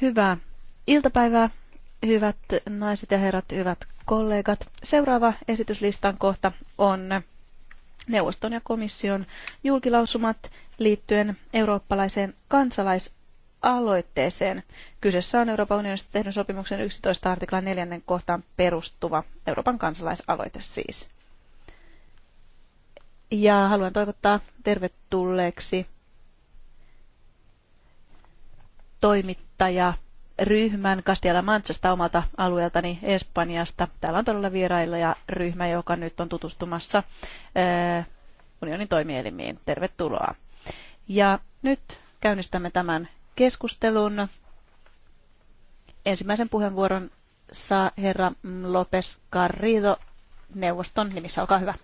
Hyvää iltapäivää, hyvät naiset ja herrat, hyvät kollegat. Seuraava esityslistan kohta on neuvoston ja komission julkilausumat liittyen eurooppalaiseen kansalaisaloitteeseen. Kyseessä on Euroopan unionista tehdyn sopimuksen 11 artiklan neljännen kohtaan perustuva Euroopan kansalaisaloite siis. Ja haluan toivottaa tervetulleeksi toimittaja ryhmän Castilla Manchasta omalta alueeltani Espanjasta. Täällä on todella vierailla ja ryhmä, joka nyt on tutustumassa eh, unionin toimielimiin. Tervetuloa. Ja nyt käynnistämme tämän keskustelun. Ensimmäisen puheenvuoron saa herra López Garrido neuvoston nimissä. Olkaa hyvä.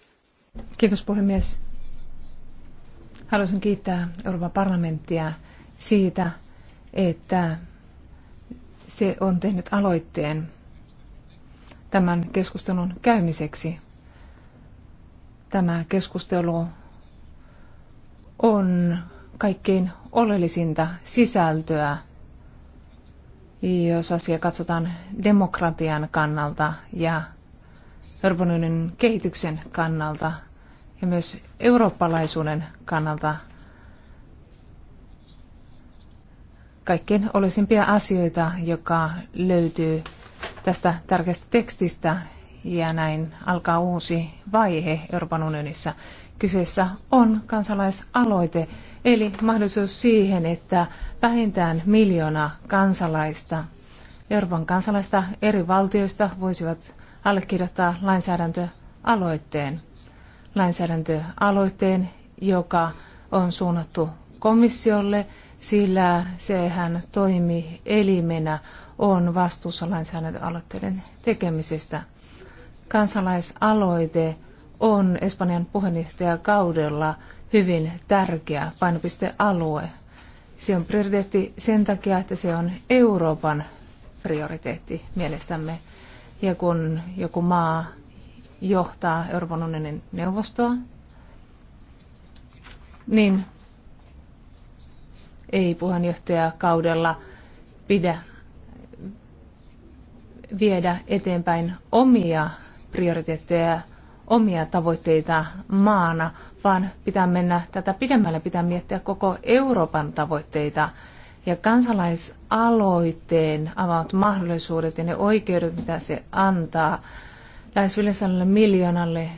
Kiitos puhemies. Haluaisin kiittää Euroopan parlamenttia siitä, että se on tehnyt aloitteen tämän keskustelun käymiseksi. Tämä keskustelu on kaikkein oleellisinta sisältöä, jos asia katsotaan demokratian kannalta ja Euroopan kehityksen kannalta ja myös eurooppalaisuuden kannalta – kaikkein olisimpia asioita, joka löytyy tästä tärkeästä tekstistä ja näin alkaa uusi vaihe Euroopan unionissa. Kyseessä on kansalaisaloite, eli mahdollisuus siihen, että vähintään miljoona kansalaista, Euroopan kansalaista eri valtioista voisivat allekirjoittaa lainsäädäntöaloitteen. Lainsäädäntöaloitteen, joka on suunnattu komissiolle sillä sehän toimi elimenä on vastuussa lainsäädäntöaloitteiden tekemisestä. Kansalaisaloite on Espanjan puheenjohtajakaudella hyvin tärkeä painopistealue. Se on prioriteetti sen takia, että se on Euroopan prioriteetti mielestämme. Ja kun joku maa johtaa Euroopan unionin neuvostoa, niin ei puheenjohtajakaudella pidä viedä eteenpäin omia prioriteetteja, omia tavoitteita maana, vaan pitää mennä tätä pidemmälle, pitää miettiä koko Euroopan tavoitteita ja kansalaisaloitteen avaut mahdollisuudet ja ne oikeudet, mitä se antaa lähes 500 miljoonalle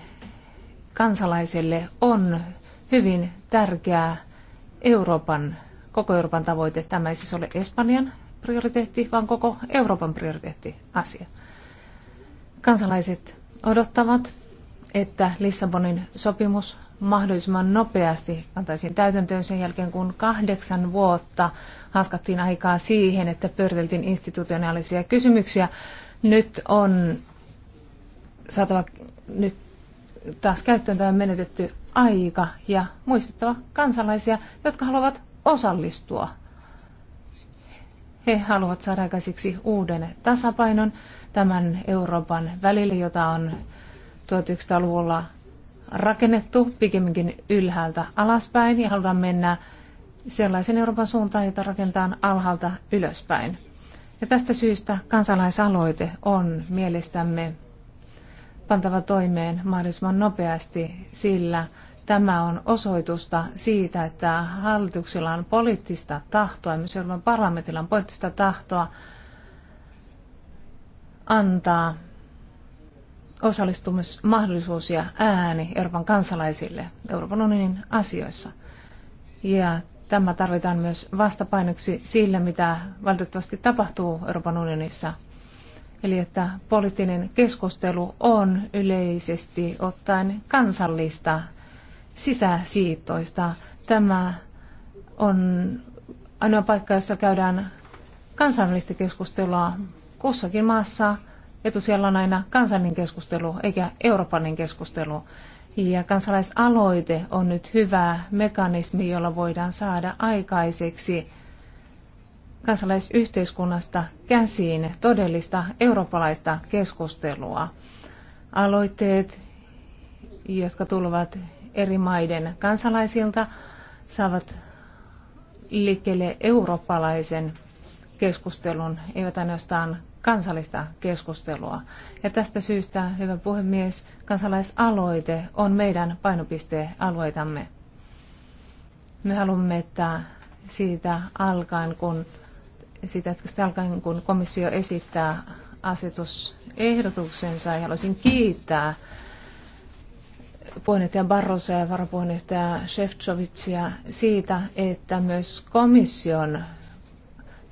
kansalaiselle on hyvin tärkeää Euroopan koko Euroopan tavoite. Tämä ei siis ole Espanjan prioriteetti, vaan koko Euroopan prioriteetti asia. Kansalaiset odottavat, että Lissabonin sopimus mahdollisimman nopeasti antaisiin täytäntöön sen jälkeen, kun kahdeksan vuotta haskattiin aikaa siihen, että pyöriteltiin institutionaalisia kysymyksiä. Nyt on saatava nyt taas käyttöön tämä menetetty aika ja muistettava kansalaisia, jotka haluavat osallistua. He haluavat saada aikaiseksi uuden tasapainon tämän Euroopan välille, jota on 1900-luvulla rakennettu pikemminkin ylhäältä alaspäin ja halutaan mennä sellaisen Euroopan suuntaan, jota rakentaa alhaalta ylöspäin. Ja tästä syystä kansalaisaloite on mielestämme pantava toimeen mahdollisimman nopeasti, sillä Tämä on osoitusta siitä, että hallituksella on poliittista tahtoa, myös Euroopan parlamentilla on poliittista tahtoa antaa osallistumismahdollisuus ja ääni Euroopan kansalaisille Euroopan unionin asioissa. Ja tämä tarvitaan myös vastapainoksi sille, mitä valitettavasti tapahtuu Euroopan unionissa. Eli että poliittinen keskustelu on yleisesti ottaen kansallista sisäsiitoista. Tämä on ainoa paikka, jossa käydään kansainvälistä keskustelua kussakin maassa. Etusijalla on aina kansallinen keskustelu eikä Euroopanin keskustelu. Ja kansalaisaloite on nyt hyvä mekanismi, jolla voidaan saada aikaiseksi kansalaisyhteiskunnasta käsiin todellista eurooppalaista keskustelua. Aloitteet, jotka tulevat eri maiden kansalaisilta, saavat liikkeelle eurooppalaisen keskustelun, eivät ainoastaan kansallista keskustelua. Ja tästä syystä, hyvä puhemies, kansalaisaloite on meidän painopistealueitamme. Me haluamme, että siitä alkaen, kun, siitä, että sitä alkaen, kun komissio esittää asetusehdotuksensa, ja haluaisin kiittää puheenjohtaja Barroso ja varapuheenjohtaja Shevchovicia siitä, että myös komission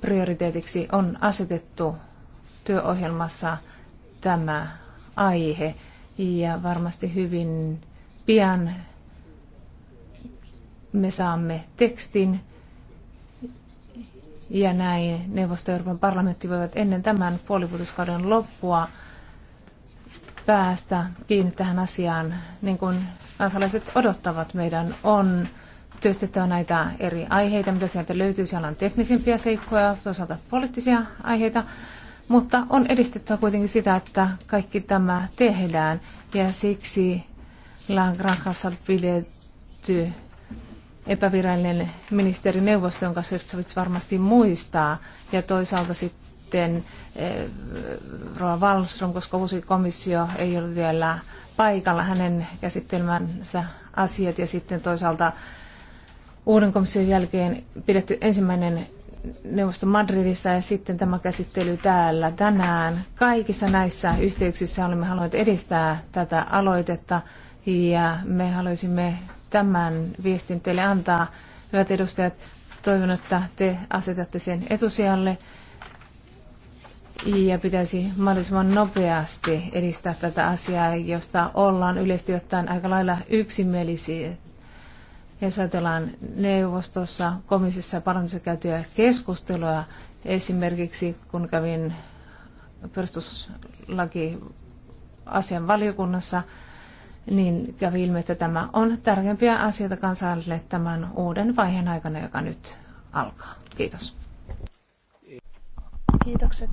prioriteetiksi on asetettu työohjelmassa tämä aihe ja varmasti hyvin pian me saamme tekstin ja näin neuvosto ja Euroopan parlamentti voivat ennen tämän puolivuotiskauden loppua päästä kiinni tähän asiaan, niin kuin kansalaiset odottavat. Meidän on työstettävä näitä eri aiheita, mitä sieltä löytyy. Siellä on teknisimpiä seikkoja, toisaalta poliittisia aiheita, mutta on edistettävä kuitenkin sitä, että kaikki tämä tehdään. Ja siksi Langrahassa pidetty epävirallinen ministerineuvosto, jonka Sirtsovits varmasti muistaa, ja toisaalta sitten sitten eh, Roa Wallström, koska uusi komissio ei ollut vielä paikalla hänen käsittelemänsä asiat ja sitten toisaalta uuden komission jälkeen pidetty ensimmäinen neuvosto Madridissa ja sitten tämä käsittely täällä tänään. Kaikissa näissä yhteyksissä olemme halunneet edistää tätä aloitetta ja me haluaisimme tämän viestin teille antaa. Hyvät edustajat, toivon, että te asetatte sen etusijalle ja pitäisi mahdollisimman nopeasti edistää tätä asiaa, josta ollaan yleisesti ottaen aika lailla yksimielisiä. Jos ajatellaan neuvostossa, komissiossa ja parlamentissa käytyä keskustelua, esimerkiksi kun kävin perustuslaki asian valiokunnassa, niin kävi ilmi, että tämä on tärkeimpiä asioita kansalle tämän uuden vaiheen aikana, joka nyt alkaa. Kiitos. Kiitokset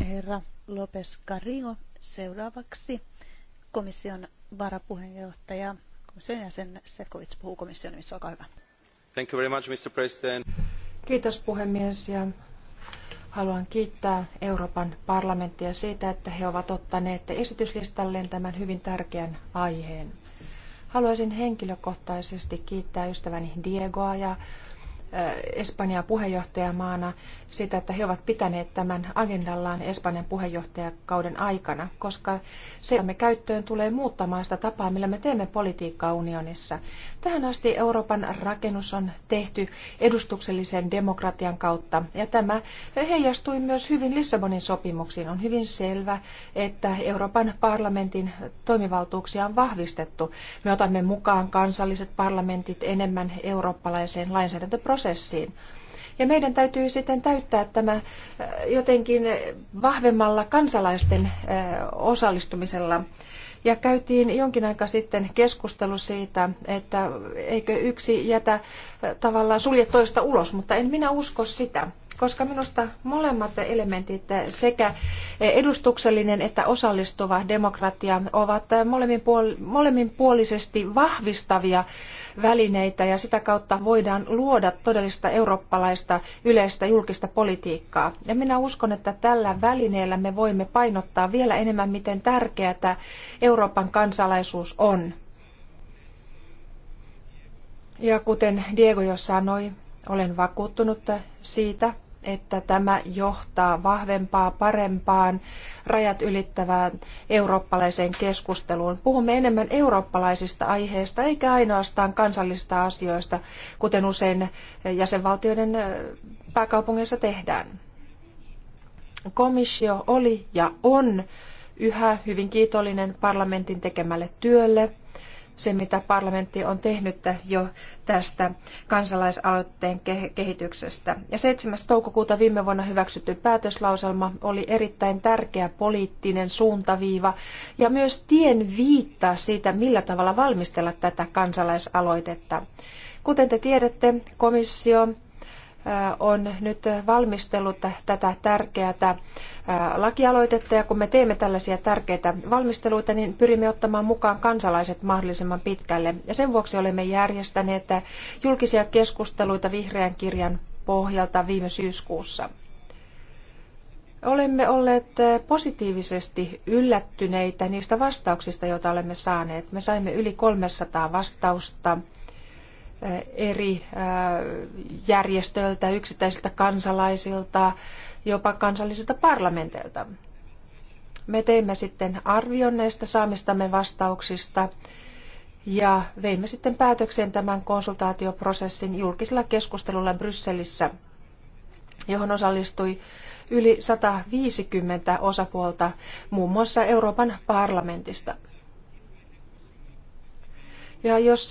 herra Lopes Carrillo. Seuraavaksi komission varapuheenjohtaja, komission jäsen Sefcovic puhuu komission nimissä. Olkaa hyvä. Thank you very much, Mr. President. Kiitos puhemies ja haluan kiittää Euroopan parlamenttia siitä, että he ovat ottaneet esityslistalleen tämän hyvin tärkeän aiheen. Haluaisin henkilökohtaisesti kiittää ystäväni Diegoa ja Äh, Espanjaa puheenjohtajamaana sitä, että he ovat pitäneet tämän agendallaan Espanjan puheenjohtajakauden aikana, koska se, mitä me käyttöön tulee muuttamaan sitä tapaa, millä me teemme politiikkaa unionissa. Tähän asti Euroopan rakennus on tehty edustuksellisen demokratian kautta, ja tämä heijastui myös hyvin Lissabonin sopimuksiin. On hyvin selvä, että Euroopan parlamentin toimivaltuuksia on vahvistettu. Me otamme mukaan kansalliset parlamentit enemmän eurooppalaiseen lainsäädäntöprosessiin prosessiin. Ja meidän täytyy sitten täyttää tämä äh, jotenkin vahvemmalla kansalaisten äh, osallistumisella. Ja käytiin jonkin aika sitten keskustelu siitä, että eikö yksi jätä äh, tavallaan sulje toista ulos, mutta en minä usko sitä koska minusta molemmat elementit, sekä edustuksellinen että osallistuva demokratia, ovat molemminpuolisesti vahvistavia välineitä ja sitä kautta voidaan luoda todellista eurooppalaista yleistä julkista politiikkaa. Ja minä uskon, että tällä välineellä me voimme painottaa vielä enemmän, miten tärkeää Euroopan kansalaisuus on. Ja kuten Diego jo sanoi, olen vakuuttunut siitä, että tämä johtaa vahvempaa, parempaan, rajat ylittävään eurooppalaiseen keskusteluun. Puhumme enemmän eurooppalaisista aiheista eikä ainoastaan kansallisista asioista, kuten usein jäsenvaltioiden pääkaupungeissa tehdään. Komissio oli ja on yhä hyvin kiitollinen parlamentin tekemälle työlle se, mitä parlamentti on tehnyt jo tästä kansalaisaloitteen kehityksestä. Ja 7. toukokuuta viime vuonna hyväksytty päätöslauselma oli erittäin tärkeä poliittinen suuntaviiva ja myös tien viittaa siitä, millä tavalla valmistella tätä kansalaisaloitetta. Kuten te tiedätte, komissio on nyt valmistellut tätä tärkeää lakialoitetta ja kun me teemme tällaisia tärkeitä valmisteluita, niin pyrimme ottamaan mukaan kansalaiset mahdollisimman pitkälle. Ja sen vuoksi olemme järjestäneet julkisia keskusteluita vihreän kirjan pohjalta viime syyskuussa. Olemme olleet positiivisesti yllättyneitä niistä vastauksista, joita olemme saaneet. Me saimme yli 300 vastausta Eh, eri eh, järjestöiltä, yksittäisiltä kansalaisilta, jopa kansallisilta parlamenteilta. Me teimme sitten arvion näistä saamistamme vastauksista ja veimme sitten päätökseen tämän konsultaatioprosessin julkisella keskustelulla Brysselissä, johon osallistui yli 150 osapuolta muun muassa Euroopan parlamentista. Ja jos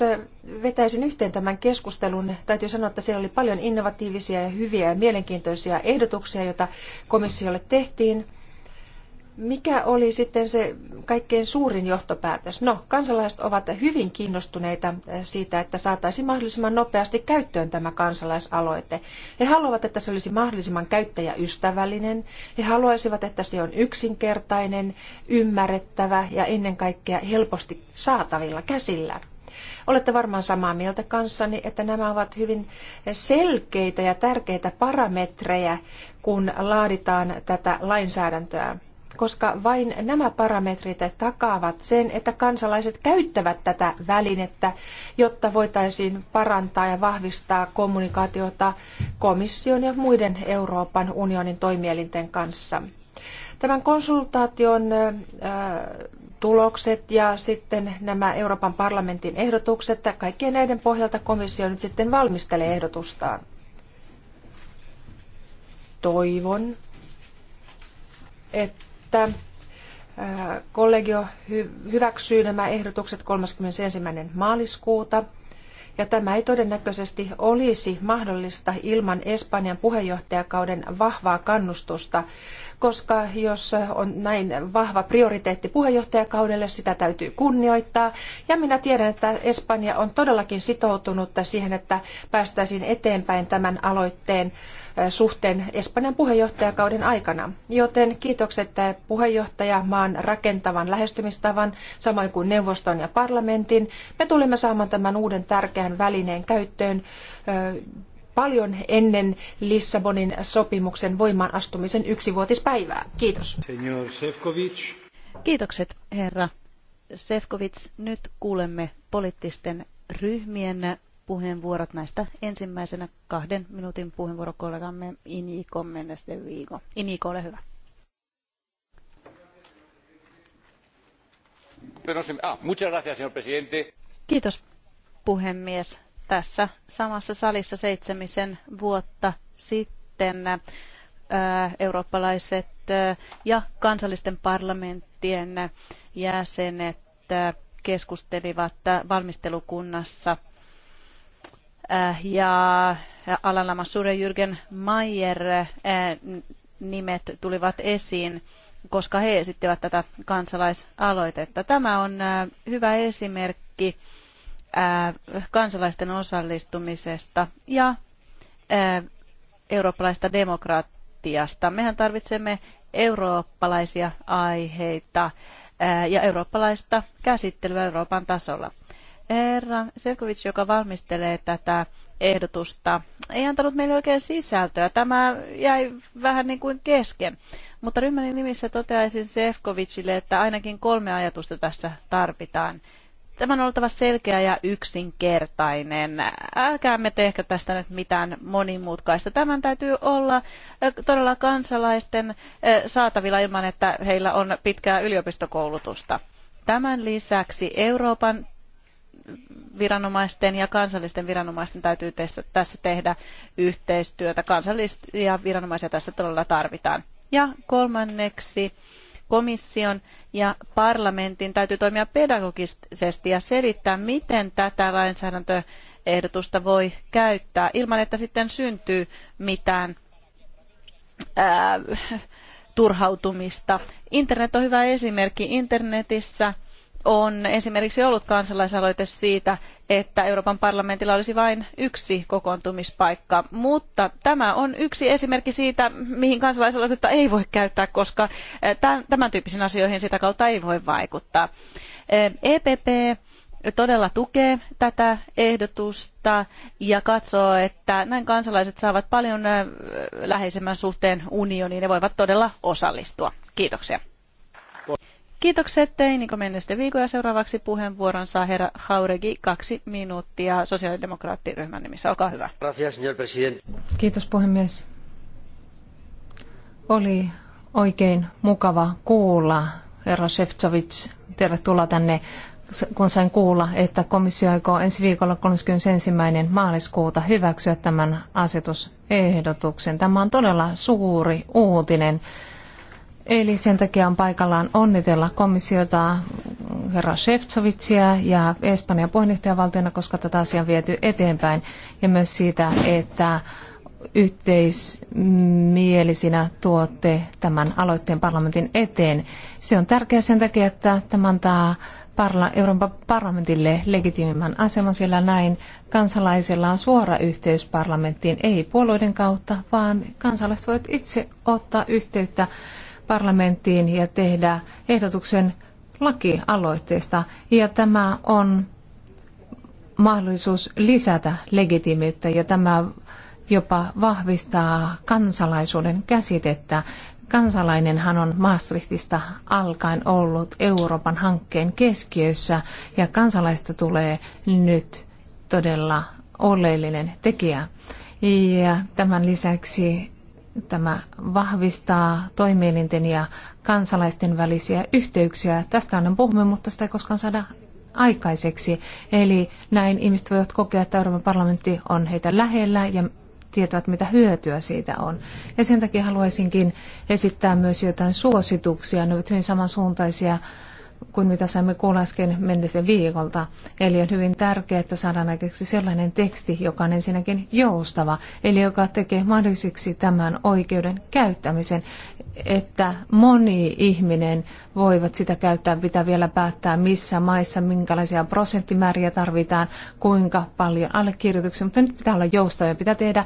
vetäisin yhteen tämän keskustelun, täytyy sanoa, että siellä oli paljon innovatiivisia ja hyviä ja mielenkiintoisia ehdotuksia, joita komissiolle tehtiin. Mikä oli sitten se kaikkein suurin johtopäätös? No, kansalaiset ovat hyvin kiinnostuneita siitä, että saataisiin mahdollisimman nopeasti käyttöön tämä kansalaisaloite. He haluavat, että se olisi mahdollisimman käyttäjäystävällinen. He haluaisivat, että se on yksinkertainen, ymmärrettävä ja ennen kaikkea helposti saatavilla käsillä. Olette varmaan samaa mieltä kanssani, että nämä ovat hyvin selkeitä ja tärkeitä parametreja, kun laaditaan tätä lainsäädäntöä koska vain nämä parametrit takaavat sen, että kansalaiset käyttävät tätä välinettä, jotta voitaisiin parantaa ja vahvistaa kommunikaatiota komission ja muiden Euroopan unionin toimielinten kanssa. Tämän konsultaation äh, tulokset ja sitten nämä Euroopan parlamentin ehdotukset. Kaikkien näiden pohjalta komissio nyt sitten valmistelee ehdotustaan. Toivon, että äh, kollegio hyväksyy nämä ehdotukset 31. maaliskuuta – ja tämä ei todennäköisesti olisi mahdollista ilman Espanjan puheenjohtajakauden vahvaa kannustusta, koska jos on näin vahva prioriteetti puheenjohtajakaudelle, sitä täytyy kunnioittaa. Ja minä tiedän, että Espanja on todellakin sitoutunut siihen, että päästäisiin eteenpäin tämän aloitteen suhteen Espanjan puheenjohtajakauden aikana. Joten kiitokset puheenjohtaja maan rakentavan lähestymistavan, samoin kuin neuvoston ja parlamentin. Me tulemme saamaan tämän uuden tärkeän välineen käyttöön paljon ennen Lissabonin sopimuksen voimaanastumisen yksivuotispäivää. Kiitos. Kiitokset, herra Sefkovic. Nyt kuulemme poliittisten ryhmien puheenvuorot näistä ensimmäisenä kahden minuutin puheenvuorokollegamme Iniko Menneste Viigo. Iniko, ole hyvä. Ah, señor presidente. Kiitos puhemies. Tässä samassa salissa seitsemisen vuotta sitten äh, eurooppalaiset äh, ja kansallisten parlamenttien äh, jäsenet keskustelivat valmistelukunnassa Äh, ja äh, Alana ja Jürgen Mayer äh, nimet tulivat esiin, koska he esittivät tätä kansalaisaloitetta. Tämä on hyvä esimerkki kansalaisten osallistumisesta ja eurooppalaista demokratiasta. Mehän tarvitsemme eurooppalaisia aiheita ja eurooppalaista käsittelyä Euroopan tasolla. Erra Selkovic, joka valmistelee tätä ehdotusta, ei antanut meille oikein sisältöä. Tämä jäi vähän niin kuin kesken. Mutta ryhmän nimissä toteaisin Sefkovicille, että ainakin kolme ajatusta tässä tarvitaan. Tämä on oltava selkeä ja yksinkertainen. Älkäämme tehkö tästä nyt mitään monimutkaista. Tämän täytyy olla todella kansalaisten saatavilla ilman, että heillä on pitkää yliopistokoulutusta. Tämän lisäksi Euroopan viranomaisten ja kansallisten viranomaisten täytyy tässä tehdä yhteistyötä. Kansallisia viranomaisia tässä todella tarvitaan. Ja kolmanneksi komission ja parlamentin täytyy toimia pedagogisesti ja selittää, miten tätä lainsäädäntöehdotusta voi käyttää ilman, että sitten syntyy mitään ää, turhautumista. Internet on hyvä esimerkki. Internetissä on esimerkiksi ollut kansalaisaloite siitä, että Euroopan parlamentilla olisi vain yksi kokoontumispaikka. Mutta tämä on yksi esimerkki siitä, mihin kansalaisaloitetta ei voi käyttää, koska eh, tämän tyyppisiin asioihin sitä kautta ei voi vaikuttaa. EPP eh, e todella tukee tätä ehdotusta ja katsoo, että näin kansalaiset saavat paljon eh, läheisemmän suhteen unioniin ja voivat todella osallistua. Kiitoksia. Kiitokset tein, niin sitten viikon ja seuraavaksi puheenvuoron saa herra Hauregi kaksi minuuttia sosiaalidemokraattiryhmän nimissä. Olkaa hyvä. Kiitos puhemies. Oli oikein mukava kuulla, herra Shevchovits, tervetuloa tänne kun sain kuulla, että komissio aikoo ensi viikolla 31. maaliskuuta hyväksyä tämän asetusehdotuksen. Tämä on todella suuri uutinen Eli sen takia on paikallaan onnitella komissiota herra Shevtsovitsia ja Espanjan puheenjohtajavaltiona, koska tätä asiaa on viety eteenpäin. Ja myös siitä, että yhteismielisinä tuotte tämän aloitteen parlamentin eteen. Se on tärkeää sen takia, että tämä antaa parla- Euroopan parlamentille legitiimimmän aseman, sillä näin kansalaisilla on suora yhteys parlamenttiin, ei puolueiden kautta, vaan kansalaiset voivat itse ottaa yhteyttä parlamenttiin ja tehdä ehdotuksen lakialoitteesta. Ja tämä on mahdollisuus lisätä legitimiyttä ja tämä jopa vahvistaa kansalaisuuden käsitettä. Kansalainenhan on Maastrichtista alkaen ollut Euroopan hankkeen keskiössä ja kansalaista tulee nyt todella oleellinen tekijä. Ja tämän lisäksi Tämä vahvistaa toimielinten ja kansalaisten välisiä yhteyksiä. Tästä aina puhumme, mutta sitä ei koskaan saada aikaiseksi. Eli näin ihmiset voivat kokea, että Euroopan parlamentti on heitä lähellä ja tietävät, mitä hyötyä siitä on. Ja sen takia haluaisinkin esittää myös jotain suosituksia. Ne ovat hyvin samansuuntaisia kuin mitä saimme kuulla äsken menneeltä viikolta. Eli on hyvin tärkeää, että saadaan näkeksi sellainen teksti, joka on ensinnäkin joustava, eli joka tekee mahdolliseksi tämän oikeuden käyttämisen, että moni ihminen voivat sitä käyttää, pitää vielä päättää missä maissa, minkälaisia prosenttimääriä tarvitaan, kuinka paljon allekirjoituksia, mutta nyt pitää olla joustava ja pitää tehdä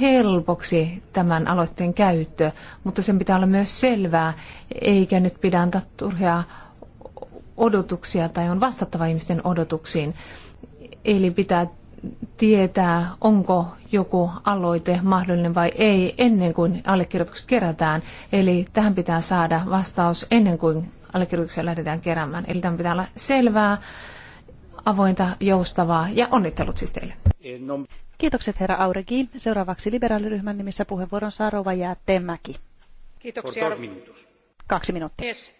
helpoksi tämän aloitteen käyttö, mutta sen pitää olla myös selvää, eikä nyt pidä antaa turhaa odotuksia tai on vastattava ihmisten odotuksiin. Eli pitää tietää, onko joku aloite mahdollinen vai ei ennen kuin allekirjoitukset kerätään. Eli tähän pitää saada vastaus ennen kuin allekirjoituksia lähdetään keräämään. Eli tämän pitää olla selvää, avointa, joustavaa ja onnittelut siis teille. Kiitokset herra Auregi. Seuraavaksi liberaaliryhmän nimissä puheenvuoron saa Rova Jäätemäki. Kiitoksia. Kaksi minuuttia. Yes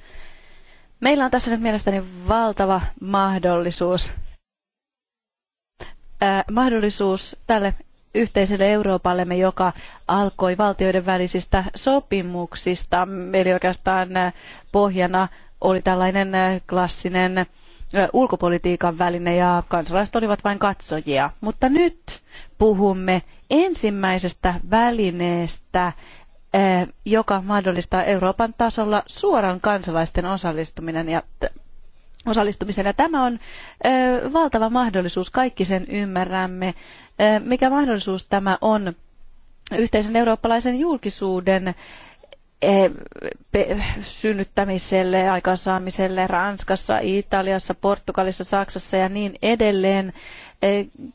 Meillä on tässä nyt mielestäni valtava mahdollisuus, äh, mahdollisuus tälle yhteiselle Euroopallemme, joka alkoi valtioiden välisistä sopimuksista. Eli oikeastaan pohjana oli tällainen klassinen ulkopolitiikan väline ja kansalaiset olivat vain katsojia. Mutta nyt puhumme ensimmäisestä välineestä, Eh, joka mahdollistaa Euroopan tasolla suoran kansalaisten osallistuminen ja osallistumisen. Ja tämä on ö, eh, valtava mahdollisuus, kaikki sen ymmärrämme. Ö, eh, mikä mahdollisuus tämä on yhteisen eurooppalaisen julkisuuden synnyttämiselle, aikaansaamiselle Ranskassa, Italiassa, Portugalissa, Saksassa ja niin edelleen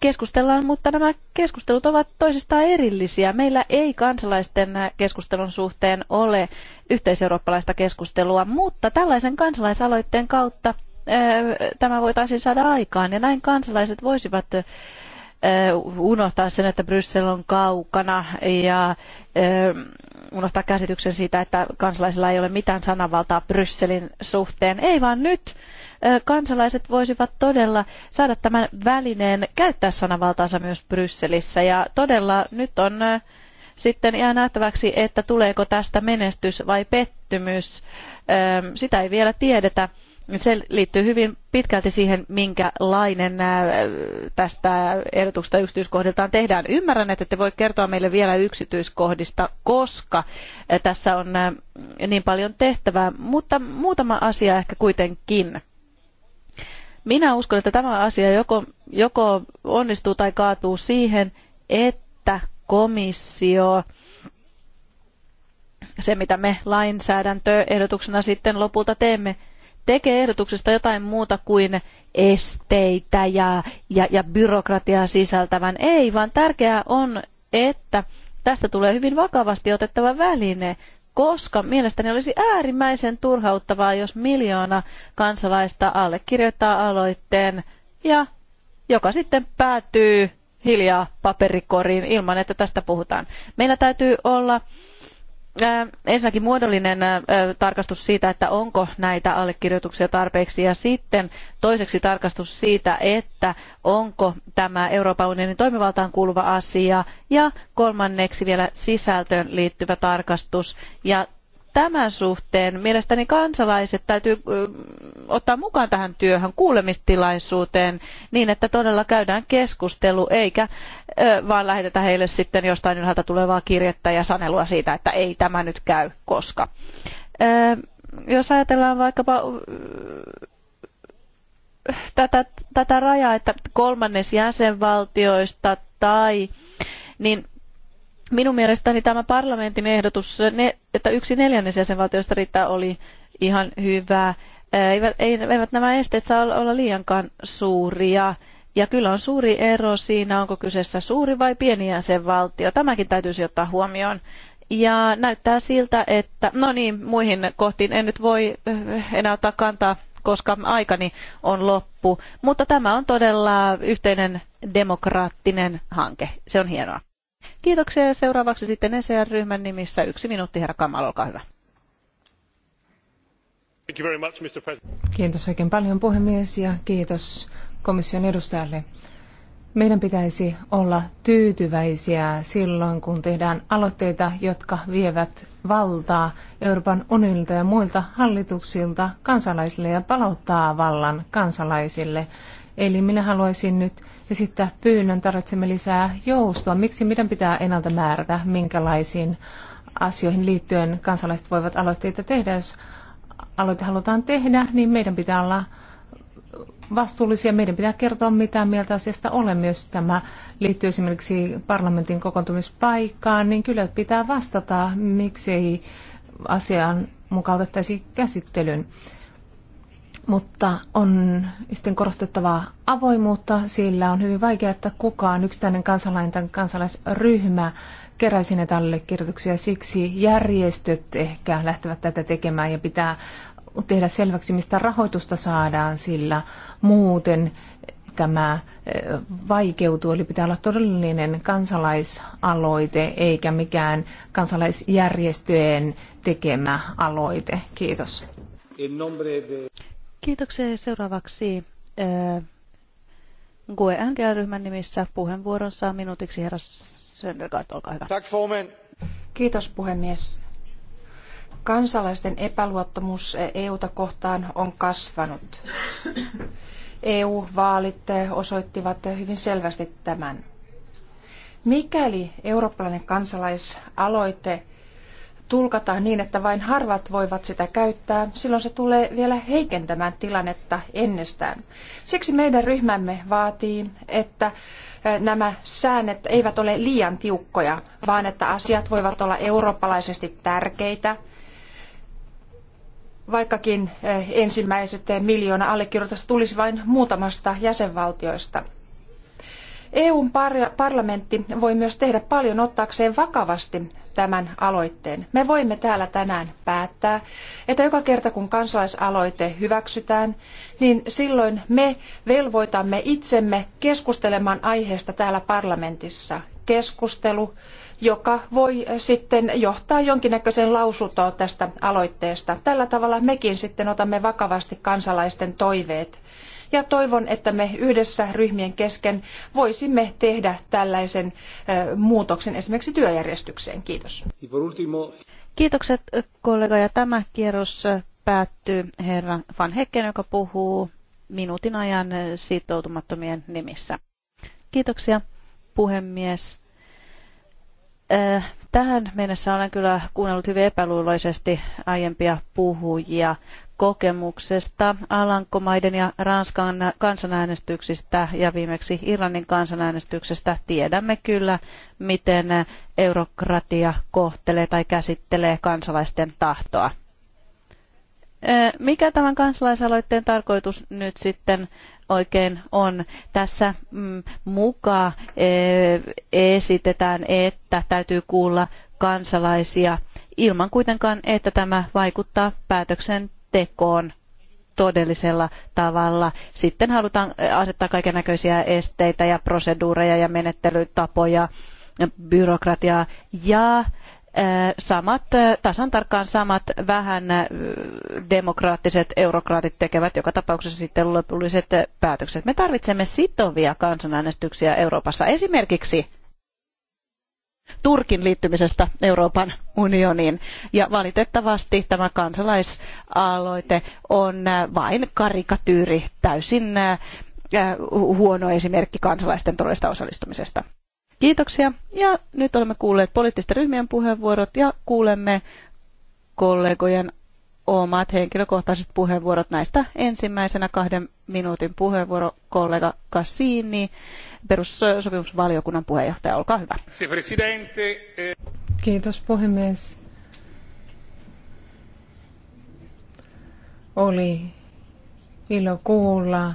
keskustellaan, mutta nämä keskustelut ovat toisistaan erillisiä. Meillä ei kansalaisten keskustelun suhteen ole yhteiseurooppalaista keskustelua, mutta tällaisen kansalaisaloitteen kautta tämä voitaisiin saada aikaan ja näin kansalaiset voisivat unohtaa sen, että Bryssel on kaukana ja unohtaa käsityksen siitä, että kansalaisilla ei ole mitään sananvaltaa Brysselin suhteen. Ei vaan nyt kansalaiset voisivat todella saada tämän välineen käyttää sananvaltaansa myös Brysselissä. Ja todella nyt on sitten jää nähtäväksi, että tuleeko tästä menestys vai pettymys. Sitä ei vielä tiedetä se liittyy hyvin pitkälti siihen, minkälainen äh, tästä ehdotuksesta yksityiskohdiltaan tehdään. Ymmärrän, että te voi kertoa meille vielä yksityiskohdista, koska äh, tässä on äh, niin paljon tehtävää, mutta muutama asia ehkä kuitenkin. Minä uskon, että tämä asia joko, joko onnistuu tai kaatuu siihen, että komissio se, mitä me lainsäädäntöehdotuksena sitten lopulta teemme, tekee ehdotuksesta jotain muuta kuin esteitä ja, ja, ja byrokratiaa sisältävän. Ei, vaan tärkeää on, että tästä tulee hyvin vakavasti otettava väline, koska mielestäni olisi äärimmäisen turhauttavaa, jos miljoona kansalaista allekirjoittaa aloitteen ja joka sitten päätyy hiljaa paperikoriin ilman, että tästä puhutaan. Meillä täytyy olla ensinnäkin muodollinen tarkastus siitä, että onko näitä allekirjoituksia tarpeeksi ja sitten toiseksi tarkastus siitä, että onko tämä Euroopan unionin toimivaltaan kuuluva asia ja kolmanneksi vielä sisältöön liittyvä tarkastus ja tämän suhteen mielestäni kansalaiset täytyy ottaa mukaan tähän työhön kuulemistilaisuuteen niin, että todella käydään keskustelu eikä vaan lähetetä heille sitten jostain ylhäältä tulevaa kirjettä ja sanelua siitä, että ei tämä nyt käy koska. Jos ajatellaan vaikkapa tätä, tätä rajaa, että kolmannes jäsenvaltioista tai niin Minun mielestäni tämä parlamentin ehdotus, että yksi neljännes jäsenvaltioista riittää, oli ihan hyvä. Eivät nämä esteet saa olla liiankaan suuria. Ja kyllä on suuri ero siinä, onko kyseessä suuri vai pieni jäsenvaltio. Tämäkin täytyisi ottaa huomioon. Ja näyttää siltä, että no niin, muihin kohtiin en nyt voi eh, enää ottaa kantaa, koska aikani on loppu. Mutta tämä on todella yhteinen demokraattinen hanke. Se on hienoa. Kiitoksia ja seuraavaksi sitten ECR-ryhmän nimissä yksi minuutti, herra Kamal, olkaa hyvä. Kiitos oikein paljon puhemies ja kiitos komission edustajalle. Meidän pitäisi olla tyytyväisiä silloin, kun tehdään aloitteita, jotka vievät valtaa Euroopan unilta ja muilta hallituksilta kansalaisille ja palauttaa vallan kansalaisille. Eli minä haluaisin nyt esittää pyynnön, tarvitsemme lisää joustoa. Miksi meidän pitää ennalta määrätä, minkälaisiin asioihin liittyen kansalaiset voivat aloitteita tehdä? Jos aloite halutaan tehdä, niin meidän pitää olla vastuullisia. Meidän pitää kertoa, mitä mieltä asiasta olemme. Jos tämä liittyy esimerkiksi parlamentin kokoontumispaikkaan, niin kyllä pitää vastata, miksi ei asiaan mukautettaisi käsittelyn mutta on sitten korostettavaa avoimuutta, sillä on hyvin vaikea, että kukaan yksittäinen kansalainen tai kansalaisryhmä keräisi näitä allekirjoituksia. Siksi järjestöt ehkä lähtevät tätä tekemään ja pitää tehdä selväksi, mistä rahoitusta saadaan, sillä muuten tämä eh, vaikeutuu, eli pitää olla todellinen kansalaisaloite eikä mikään kansalaisjärjestöjen tekemä aloite. Kiitos. Kiitoksia seuraavaksi GUE NGL-ryhmän nimissä puheenvuoron saa minuutiksi herra Söndergaard, olkaa hyvä. Tack, Kiitos puhemies. Kansalaisten epäluottamus EUta kohtaan on kasvanut. EU-vaalit osoittivat hyvin selvästi tämän. Mikäli eurooppalainen kansalaisaloite tulkataan niin, että vain harvat voivat sitä käyttää, silloin se tulee vielä heikentämään tilannetta ennestään. Siksi meidän ryhmämme vaatii, että eh, nämä säännöt eivät ole liian tiukkoja, vaan että asiat voivat olla eurooppalaisesti tärkeitä, vaikkakin eh, ensimmäiset miljoona allekirjoitusta tulisi vain muutamasta jäsenvaltioista. EUn parlamentti voi myös tehdä paljon ottaakseen vakavasti tämän aloitteen. Me voimme täällä tänään päättää, että joka kerta kun kansalaisaloite hyväksytään, niin silloin me velvoitamme itsemme keskustelemaan aiheesta täällä parlamentissa. Keskustelu, joka voi sitten johtaa jonkinnäköiseen lausuntoon tästä aloitteesta. Tällä tavalla mekin sitten otamme vakavasti kansalaisten toiveet ja toivon, että me yhdessä ryhmien kesken voisimme tehdä tällaisen muutoksen esimerkiksi työjärjestykseen. Kiitos. Kiitokset kollega ja tämä kierros päättyy herra Van Hecken, joka puhuu minuutin ajan sitoutumattomien nimissä. Kiitoksia puhemies. Tähän mennessä olen kyllä kuunnellut hyvin epäluuloisesti aiempia puhujia kokemuksesta Alankomaiden ja Ranskan kansanäänestyksistä ja viimeksi Irlannin kansanäänestyksestä tiedämme kyllä, miten eurokratia kohtelee tai käsittelee kansalaisten tahtoa. Mikä tämän kansalaisaloitteen tarkoitus nyt sitten oikein on. Tässä mm, mukaan esitetään, että täytyy kuulla kansalaisia ilman kuitenkaan, että tämä vaikuttaa päätöksen tekoon todellisella tavalla. Sitten halutaan eh, asettaa näköisiä esteitä ja proseduureja ja menettelytapoja, byrokratiaa ja eh, samat, eh, tasan tarkkaan samat vähän demokraattiset eurokraatit tekevät joka tapauksessa sitten lopulliset päätökset. Me tarvitsemme sitovia kansanäänestyksiä Euroopassa. Esimerkiksi Turkin liittymisestä Euroopan unioniin. Ja valitettavasti tämä kansalaisaloite on äh, vain karikatyyri, täysin äh, äh, huono esimerkki kansalaisten todellista osallistumisesta. Kiitoksia. Ja nyt olemme kuulleet poliittisten ryhmien puheenvuorot ja kuulemme kollegojen omat henkilökohtaiset puheenvuorot. Näistä ensimmäisenä kahden minuutin puheenvuoro kollega Cassini, perussopimusvaliokunnan puheenjohtaja. Olkaa hyvä. Eh. Kiitos puhemies. Oli ilo kuulla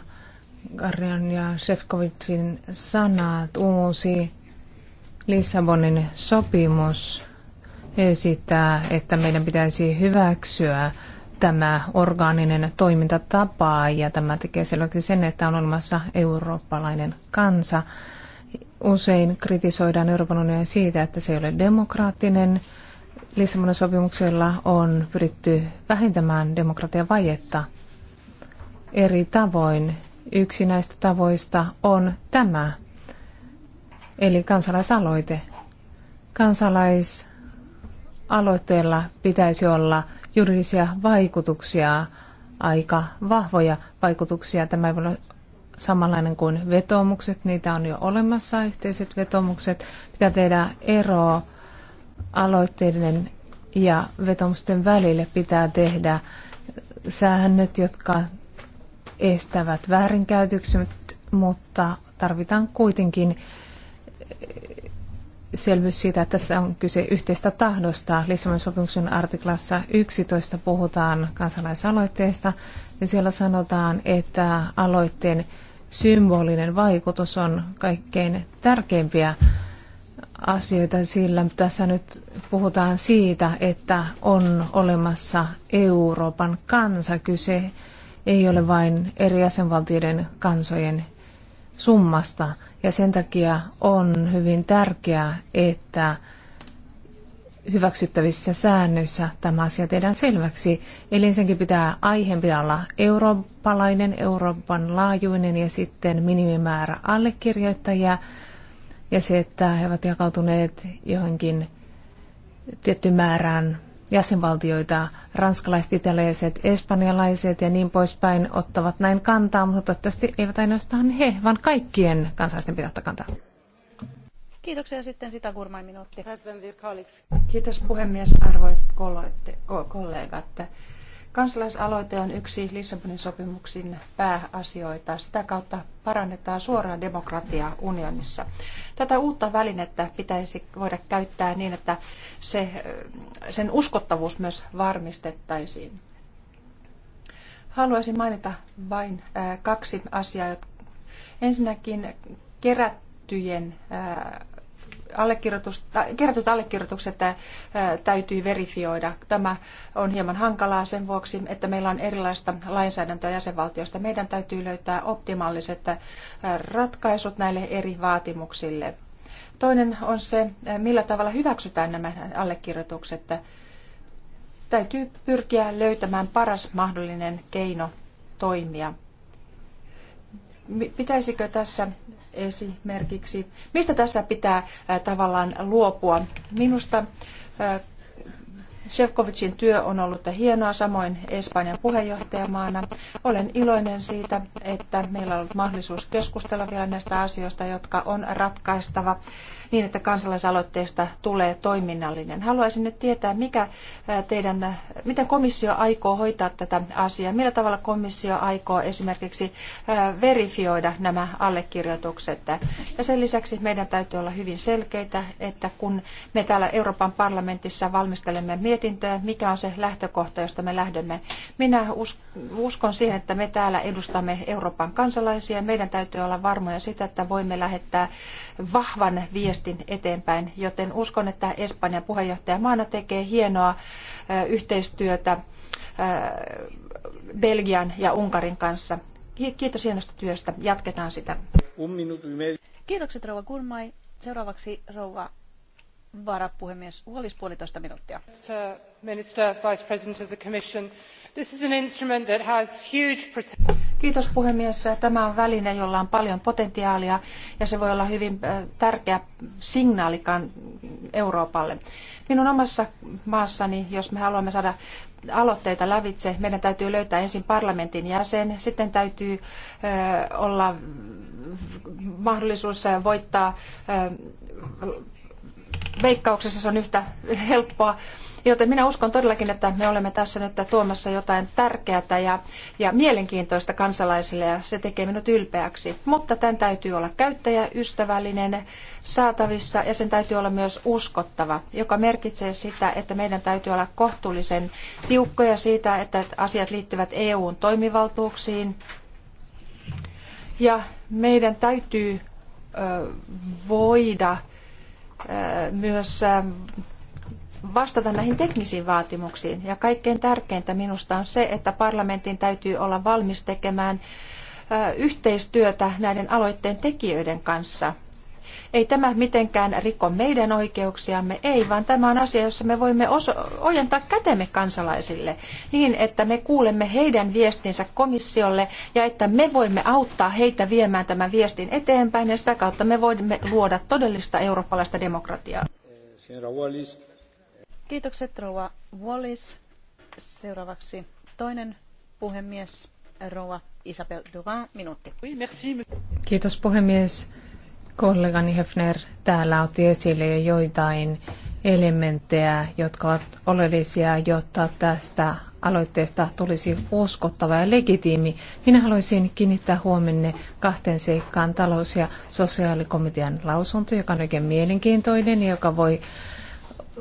Karjan ja Shevkovicin sanat uusi Lissabonin sopimus esittää, että meidän pitäisi hyväksyä tämä orgaaninen toimintatapa ja tämä tekee selväksi sen, että on olemassa eurooppalainen kansa. Usein kritisoidaan Euroopan unionia siitä, että se ei ole demokraattinen. Lissabonin sopimuksella on pyritty vähentämään demokratian vajetta eri tavoin. Yksi näistä tavoista on tämä, eli kansalaisaloite. Kansalais aloitteella pitäisi olla juridisia vaikutuksia, aika vahvoja vaikutuksia. Tämä ei voi olla samanlainen kuin vetomukset, niitä on jo olemassa, yhteiset vetomukset. Pitää tehdä ero aloitteiden ja vetomusten välille, pitää tehdä säännöt, jotka estävät väärinkäytökset, mutta tarvitaan kuitenkin selvyys siitä, että tässä on kyse yhteistä tahdosta. Lissabonin sopimuksen artiklassa 11 puhutaan kansalaisaloitteesta ja siellä sanotaan, että aloitteen symbolinen vaikutus on kaikkein tärkeimpiä asioita, sillä tässä nyt puhutaan siitä, että on olemassa Euroopan kansa. Kyse ei ole vain eri jäsenvaltioiden kansojen summasta. Ja sen takia on hyvin tärkeää, että hyväksyttävissä säännöissä tämä asia tehdään selväksi. Eli ensinnäkin pitää aiheen pitää olla eurooppalainen, Euroopan laajuinen ja sitten minimimäärä allekirjoittajia. Ja se, että he ovat jakautuneet johonkin tiettyyn määrään jäsenvaltioita, ranskalaiset, italialaiset, espanjalaiset ja niin poispäin ottavat näin kantaa, mutta toivottavasti eivät ainoastaan he, vaan kaikkien kansalaisten pitää ottaa kantaa. Kiitoksia sitten sitä kurmain minuutti. Kiitos puhemies, arvoisat kollegat. Kansalaisaloite on yksi Lissabonin sopimuksen pääasioita. Sitä kautta parannetaan suoraa demokratiaa unionissa. Tätä uutta välinettä pitäisi voida käyttää niin, että se, sen uskottavuus myös varmistettaisiin. Haluaisin mainita vain kaksi asiaa. Ensinnäkin kerättyjen kerätyt allekirjoitukset täytyy verifioida. Tämä on hieman hankalaa sen vuoksi, että meillä on erilaista lainsäädäntöä jäsenvaltioista. Meidän täytyy löytää optimaaliset ratkaisut näille eri vaatimuksille. Toinen on se, millä tavalla hyväksytään nämä allekirjoitukset. Täytyy pyrkiä löytämään paras mahdollinen keino toimia. Pitäisikö tässä esimerkiksi, mistä tässä pitää tavallaan luopua? Minusta Shevkovicin työ on ollut hienoa, samoin Espanjan puheenjohtajamaana. Olen iloinen siitä, että meillä on ollut mahdollisuus keskustella vielä näistä asioista, jotka on ratkaistava niin, että kansalaisaloitteesta tulee toiminnallinen. Haluaisin nyt tietää, mikä teidän, miten komissio aikoo hoitaa tätä asiaa. Millä tavalla komissio aikoo esimerkiksi verifioida nämä allekirjoitukset. Ja sen lisäksi meidän täytyy olla hyvin selkeitä, että kun me täällä Euroopan parlamentissa valmistelemme mietintöä, mikä on se lähtökohta, josta me lähdemme. Minä uskon siihen, että me täällä edustamme Euroopan kansalaisia. Meidän täytyy olla varmoja sitä, että voimme lähettää vahvan viestin viestin eteenpäin, joten uskon, että Espanjan puheenjohtajamaana tekee hienoa yhteistyötä Belgian ja Unkarin kanssa. Kiitos hienosta työstä. Jatketaan sitä. Kiitokset rouva Kurmai. Seuraavaksi rouva varapuhemies Huolis puolitoista minuuttia. Minister, Vice President of the Commission arvoisa Kiitos puhemies. Tämä on väline, jolla on paljon potentiaalia ja se voi olla hyvin tärkeä signaali Euroopalle. Minun omassa maassani, jos me haluamme saada aloitteita lävitse, meidän täytyy löytää ensin parlamentin jäsen, sitten täytyy olla mahdollisuus voittaa veikkauksessa, se on yhtä helppoa Joten minä uskon todellakin, että me olemme tässä nyt tuomassa jotain tärkeää ja, ja mielenkiintoista kansalaisille ja se tekee minut ylpeäksi. Mutta tämän täytyy olla käyttäjäystävällinen, saatavissa ja sen täytyy olla myös uskottava, joka merkitsee sitä, että meidän täytyy olla kohtuullisen tiukkoja siitä, että asiat liittyvät EUn toimivaltuuksiin. Ja meidän täytyy voida myös vastata näihin teknisiin vaatimuksiin. Ja kaikkein tärkeintä minusta on se, että parlamentin täytyy olla valmis tekemään yhteistyötä näiden aloitteen tekijöiden kanssa. Ei tämä mitenkään riko meidän oikeuksiamme, ei, vaan tämä on asia, jossa me voimme ojentaa kätemme kansalaisille niin, että me kuulemme heidän viestinsä komissiolle ja että me voimme auttaa heitä viemään tämän viestin eteenpäin ja sitä kautta me voimme luoda todellista eurooppalaista demokratiaa. Eh, Kiitokset Rouva Wallis. Seuraavaksi toinen puhemies, Rouva Isabel Duran, minuutti. Kiitos puhemies. Kollegani Hefner täällä otti esille jo joitain elementtejä, jotka ovat oleellisia, jotta tästä aloitteesta tulisi uskottava ja legitiimi. Minä haluaisin kiinnittää huomenne kahteen seikkaan talous- ja sosiaalikomitean lausunto, joka on oikein mielenkiintoinen ja joka voi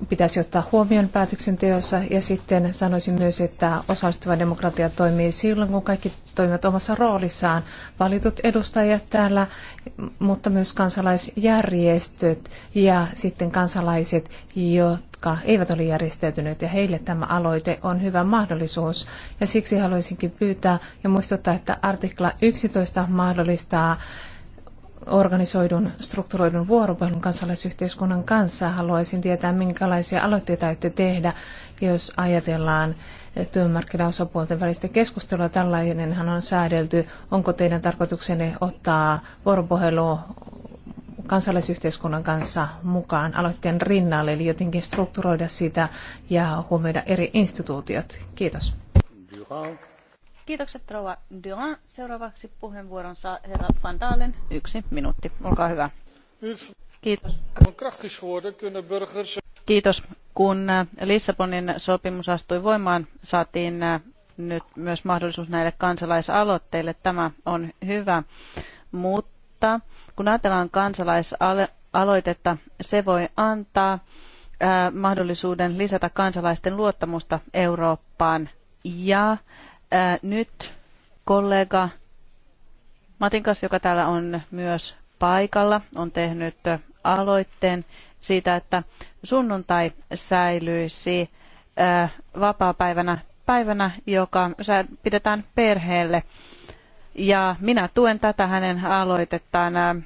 pitäisi ottaa huomioon päätöksenteossa. Ja sitten sanoisin myös, että osallistava demokratia toimii silloin, kun kaikki toimivat omassa roolissaan. Valitut edustajat täällä, mutta myös kansalaisjärjestöt ja sitten kansalaiset, jotka eivät ole järjestäytyneet ja heille tämä aloite on hyvä mahdollisuus. Ja siksi haluaisinkin pyytää ja muistuttaa, että artikla 11 mahdollistaa organisoidun strukturoidun vuoropuhelun kansalaisyhteiskunnan kanssa. Haluaisin tietää, minkälaisia aloitteita aiotte tehdä, jos ajatellaan työmarkkinaosapuolten välistä keskustelua. Tällainenhan on säädelty. Onko teidän tarkoituksenne ottaa vuoropuhelu kansalaisyhteiskunnan kanssa mukaan aloitteen rinnalle, eli jotenkin strukturoida sitä ja huomioida eri instituutiot? Kiitos. Kiitokset rouva Duran. Seuraavaksi puheenvuoron saa herra Van Dalen. Yksi minuutti. Olkaa hyvä. Kiitos. Kiitos. Kun Lissabonin sopimus astui voimaan, saatiin äh, nyt myös mahdollisuus näille kansalaisaloitteille. Tämä on hyvä, mutta kun ajatellaan kansalaisaloitetta, se voi antaa äh, mahdollisuuden lisätä kansalaisten luottamusta Eurooppaan ja ää, äh, nyt kollega Matinkas, joka täällä on myös paikalla, on tehnyt aloitteen siitä, että sunnuntai säilyisi ää, äh, vapaapäivänä päivänä, joka pidetään perheelle. Ja minä tuen tätä hänen aloitettaan äh,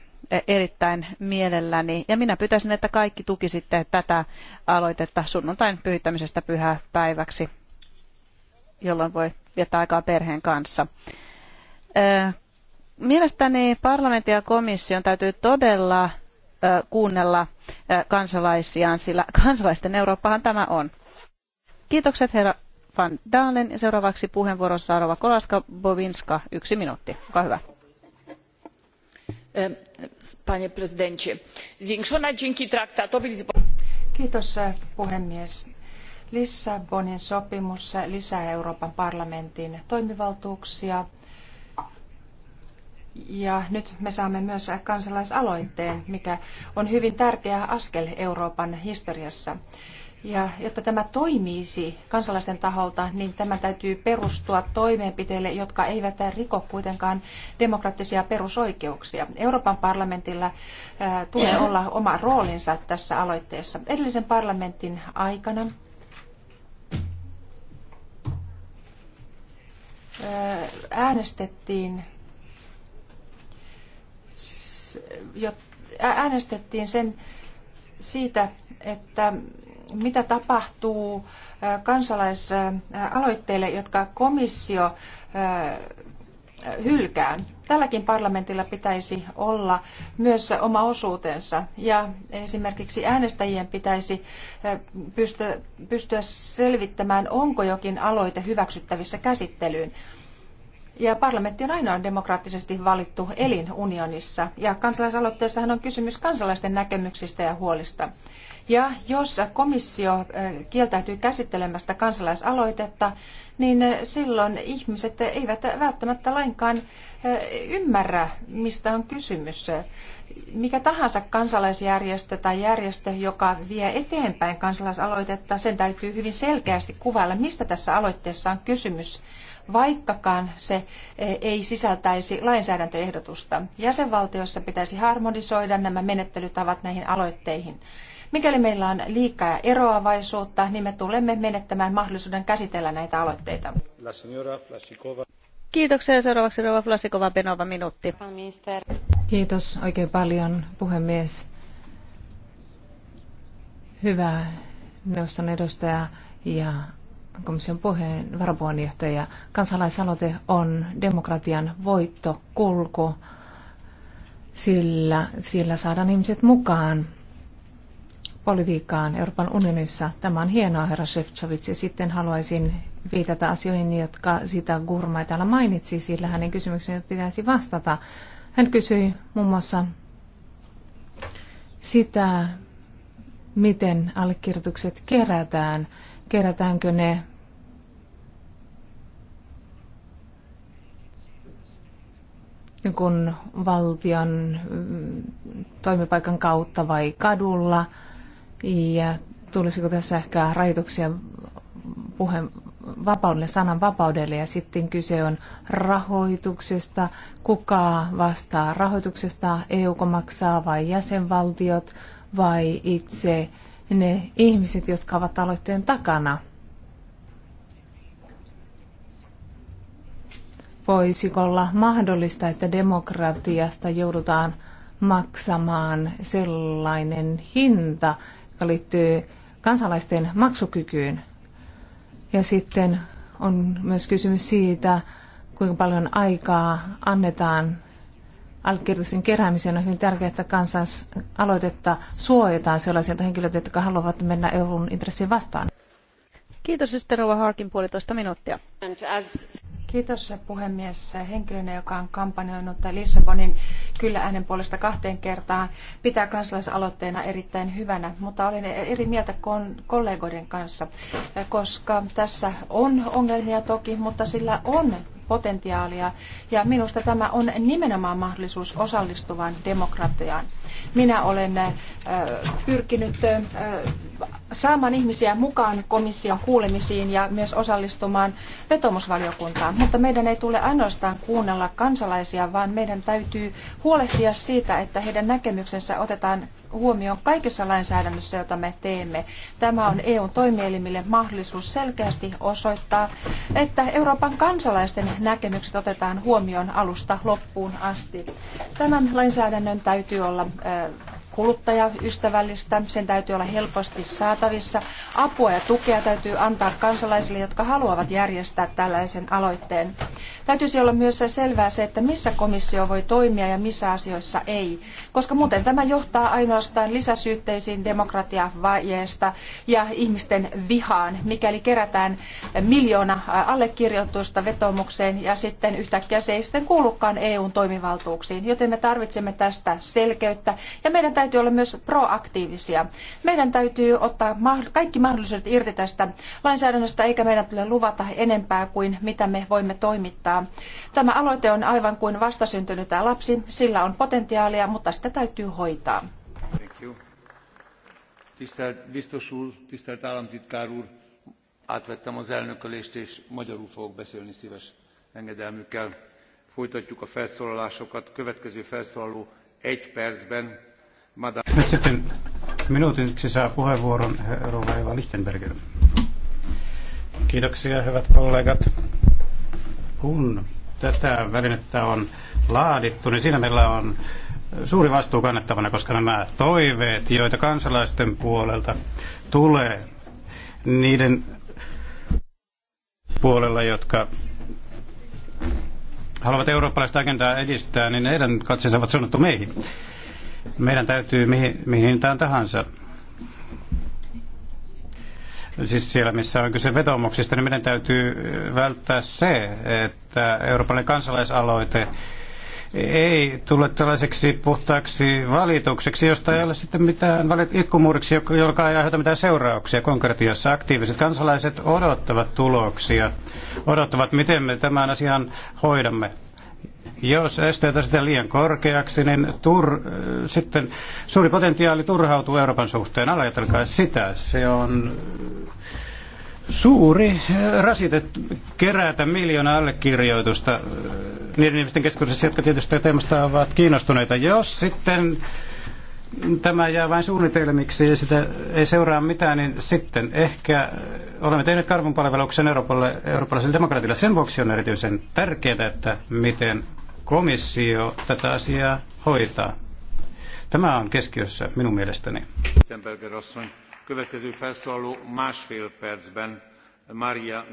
erittäin mielelläni. Ja minä pyytäisin, että kaikki tukisitte tätä aloitetta sunnuntain pyytämisestä pyhäpäiväksi päiväksi jolloin voi viettää aikaa perheen kanssa. Mielestäni parlamentin ja komission täytyy todella kuunnella kansalaisiaan, sillä kansalaisten Eurooppahan tämä on. Kiitokset herra Van Dalen. Seuraavaksi puheenvuorossa Rova Kolaska Bovinska. Yksi minuutti. Olkaa hyvä. Panie Kiitos e, puhemies. Lissabonin sopimus lisää Euroopan parlamentin toimivaltuuksia. Ja nyt me saamme myös kansalaisaloitteen, mikä on hyvin tärkeä askel Euroopan historiassa. Ja jotta tämä toimisi kansalaisten taholta, niin tämä täytyy perustua toimenpiteille, jotka eivät riko kuitenkaan demokraattisia perusoikeuksia. Euroopan parlamentilla tulee olla oma roolinsa tässä aloitteessa. Edellisen parlamentin aikana äänestettiin, äänestettiin sen siitä, että mitä tapahtuu kansalaisaloitteille, jotka komissio hylkää tälläkin parlamentilla pitäisi olla myös oma osuutensa ja esimerkiksi äänestäjien pitäisi pystyä selvittämään, onko jokin aloite hyväksyttävissä käsittelyyn. Ja parlamentti on ainoa demokraattisesti valittu elin unionissa. Ja kansalaisaloitteessahan on kysymys kansalaisten näkemyksistä ja huolista. Ja jos komissio äh, kieltäytyy käsittelemästä kansalaisaloitetta, niin äh, silloin ihmiset eivät välttämättä lainkaan äh, ymmärrä, mistä on kysymys. Mikä tahansa kansalaisjärjestö tai järjestö, joka vie eteenpäin kansalaisaloitetta, sen täytyy hyvin selkeästi kuvailla, mistä tässä aloitteessa on kysymys vaikkakaan se eh, ei sisältäisi lainsäädäntöehdotusta. Jäsenvaltiossa pitäisi harmonisoida nämä menettelytavat näihin aloitteihin. Mikäli meillä on liikaa eroavaisuutta, niin me tulemme menettämään mahdollisuuden käsitellä näitä aloitteita. Kiitoksia. Seuraavaksi Rova Flasikova Benova minuutti. Kiitos oikein paljon puhemies. Hyvä neuvoston edustaja ja komission puheen varapuheenjohtaja. Kansalaisaloite on demokratian voitto kulku, sillä, sillä saadaan ihmiset mukaan politiikkaan Euroopan unionissa. Tämä on hienoa, herra Shevchovits, ja sitten haluaisin viitata asioihin, jotka sitä Gurma täällä mainitsi, sillä hänen kysymykseen pitäisi vastata. Hän kysyi muun muassa sitä, miten allekirjoitukset kerätään kerätäänkö ne kun valtion mm, toimipaikan kautta vai kadulla ja tulisiko tässä ehkä rajoituksia puheen vapaudelle, sanan vapaudelle ja sitten kyse on rahoituksesta, kuka vastaa rahoituksesta, EU maksaa vai jäsenvaltiot vai itse ne ihmiset, jotka ovat aloitteen takana. Voisiko olla mahdollista, että demokratiasta joudutaan maksamaan sellainen hinta, joka liittyy kansalaisten maksukykyyn? Ja sitten on myös kysymys siitä, kuinka paljon aikaa annetaan allekirjoitusten keräämiseen on hyvin tärkeää, että kansalaisaloitetta suojataan sellaisilta henkilöiltä, jotka haluavat mennä EUn intressiin vastaan. Kiitos, sitten Rova Harkin puolitoista minuuttia. Kiitos puhemies. Henkilönä, joka on kampanjoinut Lissabonin kyllä äänen puolesta kahteen kertaan, pitää kansalaisaloitteena erittäin hyvänä, mutta olen eri mieltä kollegoiden kanssa, koska tässä on ongelmia toki, mutta sillä on potentiaalia ja minusta tämä on nimenomaan mahdollisuus osallistuvan demokratiaan. Minä olen Äh, pyrkinyt äh, saamaan ihmisiä mukaan komission kuulemisiin ja myös osallistumaan vetomusvaliokuntaan. Mutta meidän ei tule ainoastaan kuunnella kansalaisia, vaan meidän täytyy huolehtia siitä, että heidän näkemyksensä otetaan huomioon kaikessa lainsäädännössä, jota me teemme. Tämä on EUn toimielimille mahdollisuus selkeästi osoittaa, että Euroopan kansalaisten näkemykset otetaan huomioon alusta loppuun asti. Tämän lainsäädännön täytyy olla äh, kuluttajaystävällistä, sen täytyy olla helposti saatavissa. Apua ja tukea täytyy antaa kansalaisille, jotka haluavat järjestää tällaisen aloitteen. Täytyisi olla myös selvää se, että missä komissio voi toimia ja missä asioissa ei, koska muuten tämä johtaa ainoastaan lisäsyytteisiin demokratiavajeesta ja ihmisten vihaan, mikäli kerätään miljoona allekirjoitusta vetomukseen ja sitten yhtäkkiä se ei sitten kuulukaan EUn toimivaltuuksiin, joten me tarvitsemme tästä selkeyttä ja meidän täytyy olla myös proaktiivisia. Meidän täytyy ottaa kaikki mahdollisuudet irti tästä lainsäädännöstä, eikä meidän tule luvata enempää kuin mitä me voimme toimittaa asiaa. Tämä aloite on aivan kuin vastasyntynyt lapsi. Sillä on potentiaalia, mutta sitä täytyy hoitaa. Tisztelt biztos úr, tisztelt államtitkár úr, átvettem az elnökölést, és magyarul fogok beszélni szíves engedelmükkel. Folytatjuk a felszólalásokat. Következő felszólaló egy percben. Madame... Nyt sitten minuutiksi saa puheenvuoron Rova Lichtenberger. Kiitoksia, hyvät kollegat kun tätä välinettä on laadittu, niin siinä meillä on suuri vastuu kannettavana, koska nämä toiveet, joita kansalaisten puolelta tulee, niiden puolella, jotka haluavat eurooppalaista agendaa edistää, niin heidän katseensa ovat suunnattu meihin. Meidän täytyy mihin, mihin tahansa siis siellä missä on kyse vetomuksista, niin meidän täytyy välttää se, että Euroopan kansalaisaloite ei tule tällaiseksi puhtaaksi valitukseksi, josta ei ole sitten mitään valit itkumuuriksi, joka ei aiheuta mitään seurauksia konkretiassa. Aktiiviset kansalaiset odottavat tuloksia, odottavat miten me tämän asian hoidamme. Jos esteet asetetaan liian korkeaksi, niin tur, äh, sitten suuri potentiaali turhautuu Euroopan suhteen. Ajatelkaa sitä. Se on suuri äh, rasite kerätä miljoona allekirjoitusta äh, niiden ihmisten keskuudessa, jotka tietysti teemasta ovat kiinnostuneita. Jos sitten tämä jää vain suunnitelmiksi ja sitä ei seuraa mitään, niin sitten ehkä olemme tehneet karvonpalveluksen Euroopalle, eurooppalaiselle demokratialle. Sen vuoksi on erityisen tärkeää, että miten komissio tätä asiaa hoitaa. Tämä on keskiössä minun mielestäni. Maria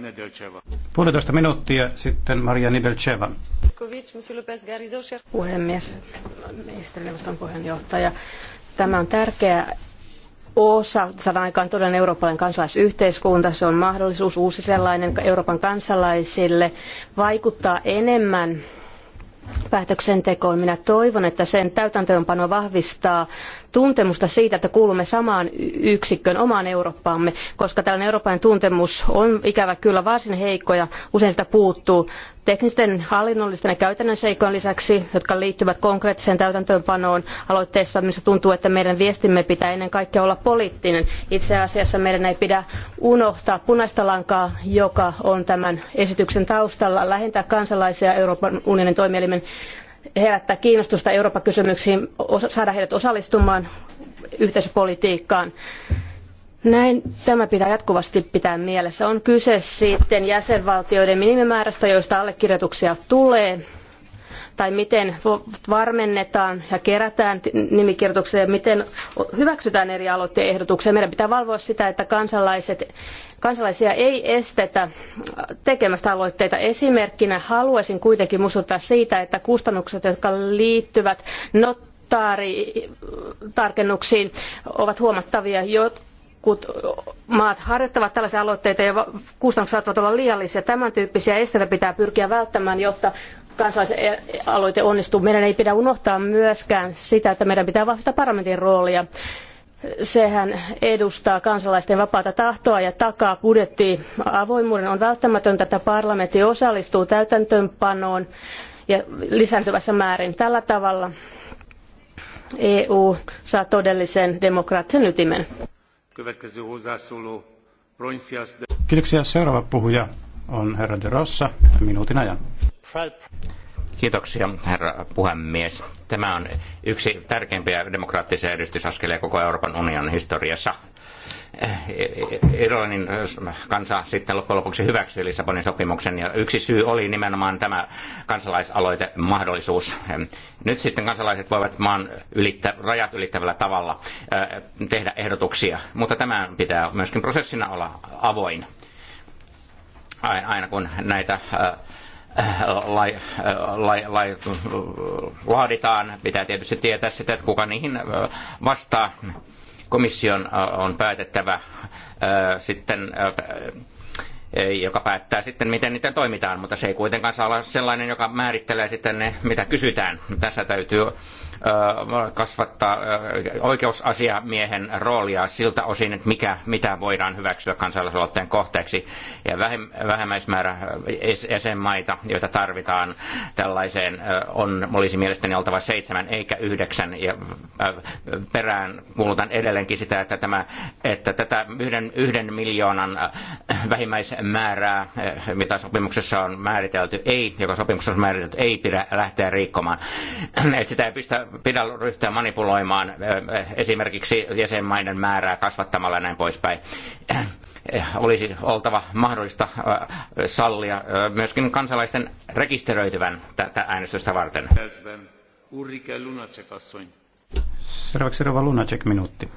Puolitoista minuuttia sitten Maria Nedelcheva. Puhemies, ministerineuvoston puheenjohtaja. Tämä on tärkeä osa, saadaan aikaan todellinen eurooppalainen kansalaisyhteiskunta. Se on mahdollisuus uusi sellainen Euroopan kansalaisille vaikuttaa enemmän päätöksentekoon. Minä toivon, että sen täytäntöönpano vahvistaa tuntemusta siitä, että kuulumme samaan yksikköön, omaan Eurooppaamme, koska tällainen eurooppalainen tuntemus on ikävä kyllä varsin heikko ja usein sitä puuttuu. Teknisten, hallinnollisten ja käytännön seikkojen lisäksi, jotka liittyvät konkreettiseen täytäntöönpanoon aloitteessa, missä tuntuu, että meidän viestimme pitää ennen kaikkea olla poliittinen. Itse asiassa meidän ei pidä unohtaa punaista lankaa, joka on tämän esityksen taustalla, lähentää kansalaisia Euroopan unionin toimielimen herättää kiinnostusta Eurooppa-kysymyksiin, saada heidät osallistumaan yhteisöpolitiikkaan. Näin tämä pitää jatkuvasti pitää mielessä. On kyse sitten jäsenvaltioiden minimimäärästä, joista allekirjoituksia tulee, tai miten varmennetaan ja kerätään nimikirjoituksia, miten hyväksytään eri aloitteen ehdotuksia. Meidän pitää valvoa sitä, että kansalaiset, kansalaisia ei estetä tekemästä aloitteita. Esimerkkinä haluaisin kuitenkin muistuttaa siitä, että kustannukset, jotka liittyvät nottaaritarkennuksiin, ovat huomattavia. Jotkut Jotkut maat harjoittavat tällaisia aloitteita ja kustannukset saattavat olla liiallisia. Tämän tyyppisiä esteitä pitää pyrkiä välttämään, jotta kansalaisaloite onnistuu. Meidän ei pidä unohtaa myöskään sitä, että meidän pitää vahvistaa parlamentin roolia. Sehän edustaa kansalaisten vapaata tahtoa ja takaa budjetti avoimuuden. On välttämätöntä, että parlamentti osallistuu täytäntöönpanoon ja lisääntyvässä määrin tällä tavalla EU saa todellisen demokraattisen ytimen. Kiitoksia. Seuraava puhuja on herra De Rossa, minuutin ajan. Kiitoksia, herra puhemies. Tämä on yksi tärkeimpiä demokraattisia edistysaskelia koko Euroopan unionin historiassa. Eh, Irlannin eh, kansa sitten loppujen lopuksi hyväksyi Lissabonin sopimuksen ja yksi syy oli nimenomaan tämä kansalaisaloitemahdollisuus. Eh, nyt sitten kansalaiset voivat maan ylittä, rajat ylittävällä tavalla tehdä ehdotuksia, mutta tämä pitää myöskin prosessina olla avoin. Aina kun näitä lai, lai, lai, laaditaan, pitää tietysti tietää sitä, että kuka niihin vastaa Komission äh, on päätettävä äh, sitten äh, joka päättää sitten, miten niitä toimitaan, mutta se ei kuitenkaan saa olla sellainen, joka määrittelee sitten ne, mitä kysytään. Tässä täytyy kasvattaa oikeusasiamiehen roolia siltä osin, että mikä, mitä voidaan hyväksyä kansalaisaloitteen kohteeksi ja vähemmäismäärä jäsenmaita, joita tarvitaan tällaiseen, on, olisi mielestäni oltava seitsemän eikä yhdeksän ja perään kuulutan edelleenkin sitä, että, tämä, että tätä yhden, yhden miljoonan vähimmäis määrää, eh, mitä sopimuksessa on määritelty, ei, joka sopimuksessa on määritelty, ei pidä lähteä rikkomaan. Et sitä ei pistä, pidä ryhtyä manipuloimaan eh, esimerkiksi jäsenmaiden määrää kasvattamalla ja näin poispäin eh, olisi oltava mahdollista sallia myöskin kansalaisten rekisteröityvän tätä äänestystä varten. Seuraavaksi Rova Lunacek minuutti.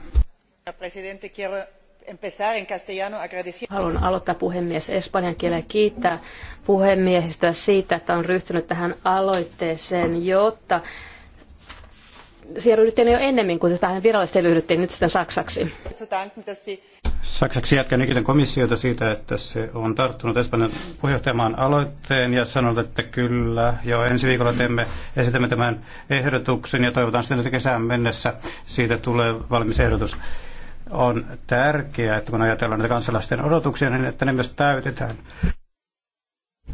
Haluan aloittaa puhemies espanjan kielellä kiittää puhemiehistöä siitä, että on ryhtynyt tähän aloitteeseen, jotta siihen ryhdyttiin jo ennemmin kuin tähän virallisesti ryhdyttiin nyt sitten saksaksi. Saksaksi jatkan ikinä komissiota siitä, että se on tarttunut Espanjan puheenjohtajamaan aloitteen ja sanonut, että kyllä jo ensi viikolla teemme, esitämme tämän ehdotuksen ja toivotaan sitten, että kesään mennessä siitä tulee valmis ehdotus on tärkeää, että kun ajatellaan näitä kansalaisten odotuksia, niin että ne myös täytetään.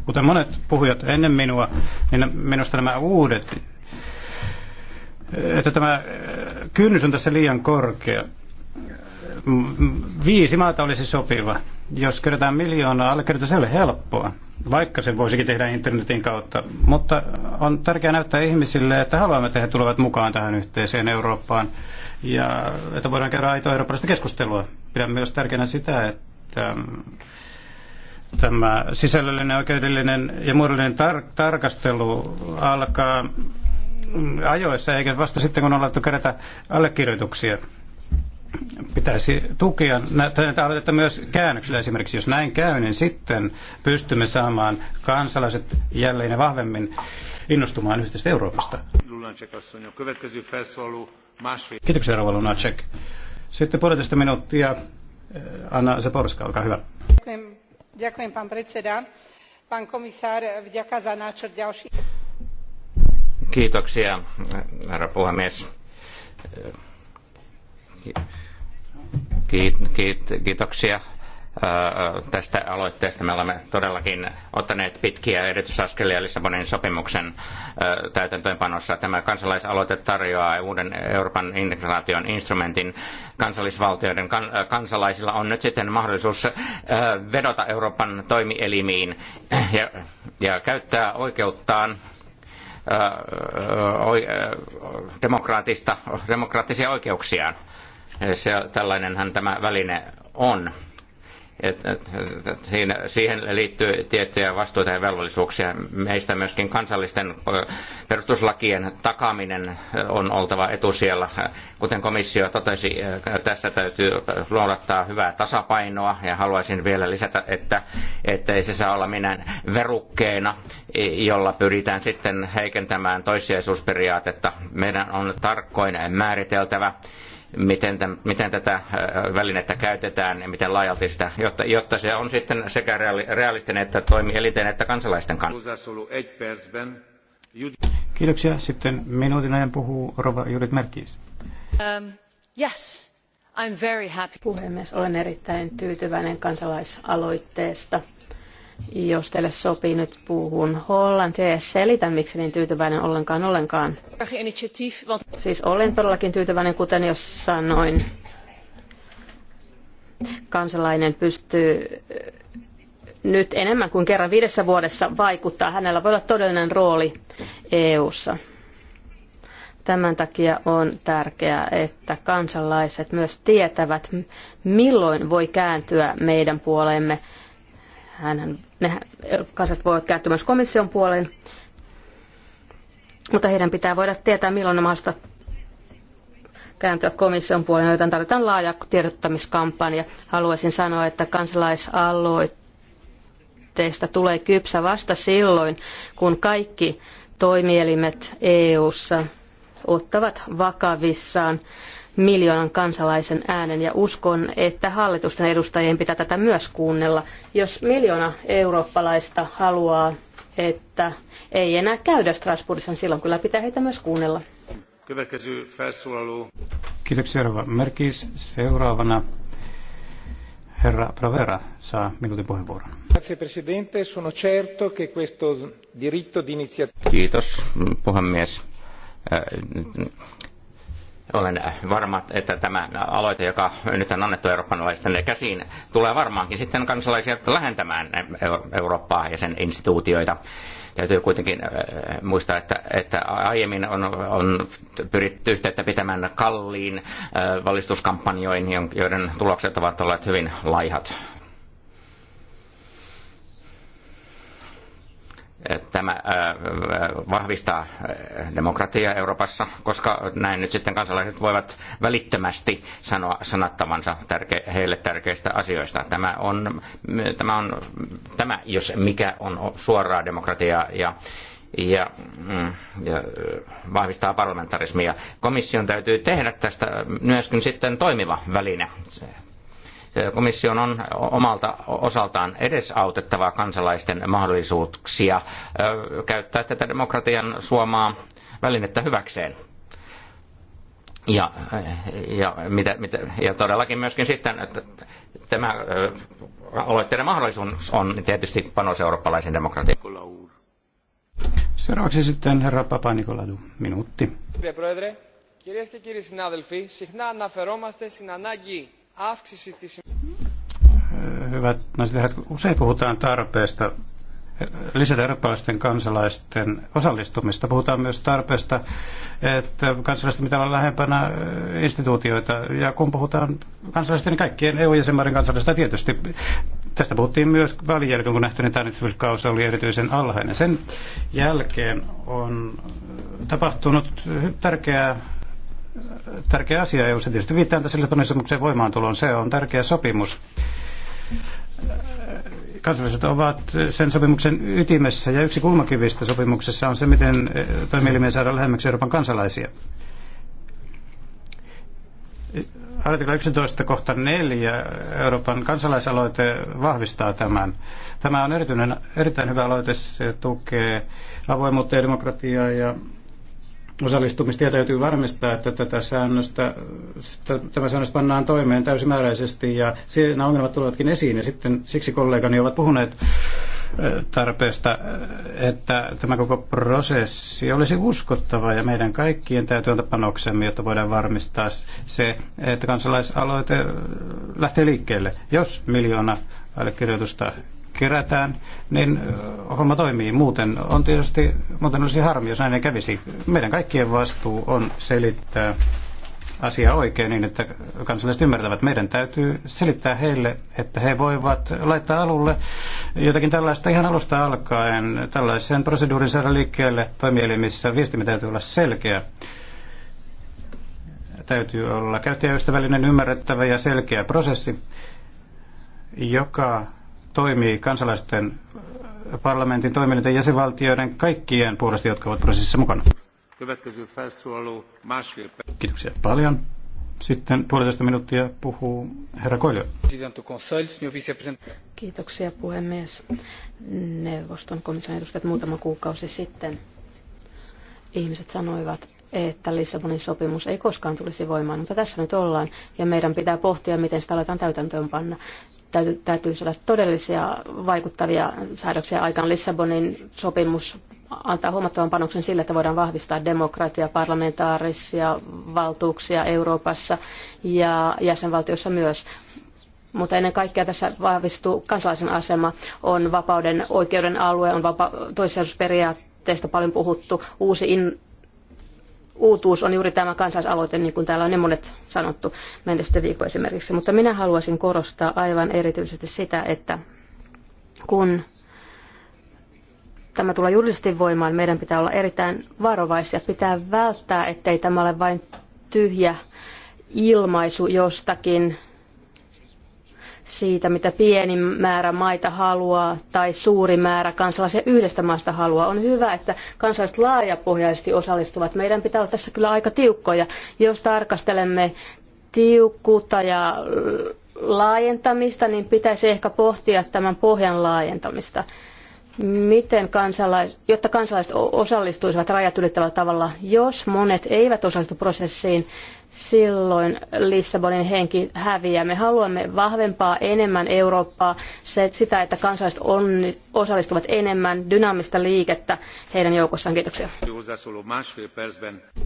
Kuten monet puhujat ennen minua, niin minusta nämä uudet, että tämä kynnys on tässä liian korkea viisi maata olisi sopiva. Jos kerätään miljoonaa allekirjoita, se ei ole helppoa, vaikka se voisikin tehdä internetin kautta. Mutta on tärkeää näyttää ihmisille, että haluamme, että he tulevat mukaan tähän yhteiseen Eurooppaan ja että voidaan käydä aitoa eurooppalaista keskustelua. Pidän myös tärkeänä sitä, että mm, tämä sisällöllinen, oikeudellinen ja muodollinen tar- tarkastelu alkaa mm, ajoissa, eikä vasta sitten kun on alettu kerätä allekirjoituksia pitäisi tukea tätä aloitetta myös käännöksellä esimerkiksi. Jos näin käy, niin sitten pystymme saamaan kansalaiset jälleen ja vahvemmin innostumaan yhteisestä Euroopasta. Kiitoksia, Rova Lunacek. Sitten puolitoista minuuttia. Eh, Anna Zaborska, olkaa hyvä. Kiitoksia, herra puhemies Kiit, kiit, kiitoksia tästä aloitteesta. Me olemme todellakin ottaneet pitkiä edistysaskelia Lissabonin sopimuksen täytäntöönpanossa. Tämä kansalaisaloite tarjoaa uuden Euroopan integraation instrumentin. Kansallisvaltioiden kansalaisilla on nyt sitten mahdollisuus vedota Euroopan toimielimiin ja, ja käyttää oikeuttaan demokraattisia oikeuksiaan se, tällainenhan tämä väline on. Et, et, et, siinä, siihen liittyy tiettyjä vastuita ja velvollisuuksia. Meistä myöskin kansallisten perustuslakien takaminen on oltava etusijalla. Kuten komissio totesi, tässä täytyy luodattaa hyvää tasapainoa ja haluaisin vielä lisätä, että, ei se saa olla minään verukkeena, jolla pyritään sitten heikentämään toissijaisuusperiaatetta. Meidän on tarkkoin määriteltävä miten, tämän, miten tätä välinettä käytetään ja miten laajalti sitä, jotta, jotta se on sitten sekä realistinen että toimielinten että kansalaisten kannalta. Kiitoksia. Sitten minuutin ajan puhuu Rova Judith Merkis. Um, yes, I'm very happy. Puhemies, olen erittäin tyytyväinen kansalaisaloitteesta jos teille sopii, nyt puhun hollantia ja selitän, miksi niin tyytyväinen ollenkaan ollenkaan. Siis olen todellakin tyytyväinen, kuten jos sanoin. Kansalainen pystyy nyt enemmän kuin kerran viidessä vuodessa vaikuttaa. Hänellä voi olla todellinen rooli EU:ssa. Tämän takia on tärkeää, että kansalaiset myös tietävät, milloin voi kääntyä meidän puoleemme hän, ne kansat voivat käyttää myös komission puoleen, mutta heidän pitää voida tietää, milloin ne maasta kääntyä komission puoleen, joten tarvitaan laaja tiedottamiskampanja. Haluaisin sanoa, että kansalaisaloitteesta tulee kypsä vasta silloin, kun kaikki toimielimet EU:ssa ottavat vakavissaan miljoonan kansalaisen äänen ja uskon, että hallitusten edustajien pitää tätä myös kuunnella. Jos miljoona eurooppalaista haluaa, että ei enää käydä Strasbourgissa, niin silloin kyllä pitää heitä myös kuunnella. Kiitoksia, Rova Merkis. Seuraavana herra Provera saa minuutin puheenvuoron. Kiitos, puhemies äh, olen varma, että tämä aloite, joka nyt on annettu eurooppalaisten käsiin, tulee varmaankin sitten kansalaisia lähentämään Eurooppaa ja sen instituutioita täytyy kuitenkin äh, muistaa, että, että aiemmin on, on pyritty yhteyttä pitämään kalliin äh, valistuskampanjoihin, joiden tulokset ovat olleet hyvin laihat Tämä äh, vahvistaa äh, demokratiaa Euroopassa, koska näin nyt sitten kansalaiset voivat välittömästi sanoa sanattavansa tärke- heille tärkeistä asioista. Tämä, on, tämä, on, tämä, jos mikä, on suoraa demokratiaa ja ja, mm, ja äh, vahvistaa parlamentarismia. Komission täytyy tehdä tästä myöskin sitten toimiva väline Komission on omalta osaltaan edesautettava kansalaisten mahdollisuuksia käyttää tätä demokratian suomaa välinettä hyväkseen. Ja, ja, mitä, mitä, ja todellakin myöskin sitten, että tämä aloitteiden mahdollisuus on tietysti panos eurooppalaisen demokratian. Seuraavaksi sitten herra Papanikoladu, minuutti. Κύριε Πρόεδρε, Hyvät naiset herrat, usein puhutaan tarpeesta lisätä eurooppalaisten kansalaisten osallistumista. Puhutaan myös tarpeesta, että kansalaisten pitää olla lähempänä eh, instituutioita. Ja kun puhutaan kansalaisten, niin kaikkien EU-jäsenmaiden kansalaisista tietysti. Tästä puhuttiin myös välijälkeen, kun nähtiin, että tämä oli erityisen alhainen. Sen jälkeen on eh, tapahtunut tärkeää tärkeä asia EU. Tietysti viittaan tässä Lissabonin sopimuksen voimaantuloon. Se on tärkeä sopimus. Kansalaiset ovat sen sopimuksen ytimessä ja yksi kulmakivistä sopimuksessa on se, miten eh, toimielimiä saadaan lähemmäksi Euroopan kansalaisia. Artikla 11 kohta 4 Euroopan kansalaisaloite vahvistaa tämän. Tämä on erityinen, erittäin hyvä aloite. Se tukee avoimuutta ja demokratiaa ja osallistumista ja täytyy varmistaa, että tätä säännöstä, tämä säännöstä pannaan toimeen täysimääräisesti ja siinä ongelmat tulevatkin esiin ja sitten siksi kollegani ovat puhuneet tarpeesta, että tämä koko prosessi olisi uskottava ja meidän kaikkien täytyy antaa panoksemme, jotta voidaan varmistaa se, että kansalaisaloite lähtee liikkeelle. Jos miljoona allekirjoitusta kerätään, niin homma toimii. Muuten on tietysti, muuten olisi harmi, jos näin ei kävisi. Meidän kaikkien vastuu on selittää asia oikein niin, että kansalaiset ymmärtävät. Meidän täytyy selittää heille, että he voivat laittaa alulle jotakin tällaista ihan alusta alkaen, tällaisen proseduurin saada liikkeelle toimielimissä. Viestimme täytyy olla selkeä. Täytyy olla käyttäjäystävällinen, ymmärrettävä ja selkeä prosessi, joka toimii kansalaisten parlamentin toimielinten jäsenvaltioiden kaikkien puolesta, jotka ovat prosessissa mukana. Kiitoksia paljon. Sitten puolitoista minuuttia puhuu herra Koilio. Kiitoksia puhemies. Neuvoston komission edustajat muutama kuukausi sitten ihmiset sanoivat, että Lissabonin sopimus ei koskaan tulisi voimaan, mutta tässä nyt ollaan ja meidän pitää pohtia, miten sitä aletaan täytäntöönpanna täytyy, täytyy saada todellisia vaikuttavia säädöksiä aikaan. Lissabonin sopimus antaa huomattavan panoksen sille, että voidaan vahvistaa demokratia, parlamentaarisia valtuuksia Euroopassa ja jäsenvaltioissa myös. Mutta ennen kaikkea tässä vahvistuu kansalaisen asema, on vapauden oikeuden alue, on vapa- toissijaisuusperiaatteesta paljon puhuttu, uusi in- uutuus on juuri tämä kansalaisaloite, niin kuin täällä on ne monet sanottu mennestä viikoista esimerkiksi. Mutta minä haluaisin korostaa aivan erityisesti sitä, että kun tämä tulee julkisesti voimaan, meidän pitää olla erittäin varovaisia. Pitää välttää, ettei tämä ole vain tyhjä ilmaisu jostakin siitä, mitä pieni määrä maita haluaa tai suuri määrä kansalaisia yhdestä maasta haluaa. On hyvä, että kansalaiset laajapohjaisesti osallistuvat. Meidän pitää olla tässä kyllä aika tiukkoja. Jos tarkastelemme tiukkuutta ja laajentamista, niin pitäisi ehkä pohtia tämän pohjan laajentamista miten kansalais, jotta kansalaiset osallistuisivat rajat ylittävällä tavalla. Jos monet eivät osallistu prosessiin, silloin Lissabonin henki häviää. Me haluamme vahvempaa, enemmän Eurooppaa, se, sitä, että kansalaiset on, osallistuvat enemmän dynaamista liikettä heidän joukossaan. Kiitoksia.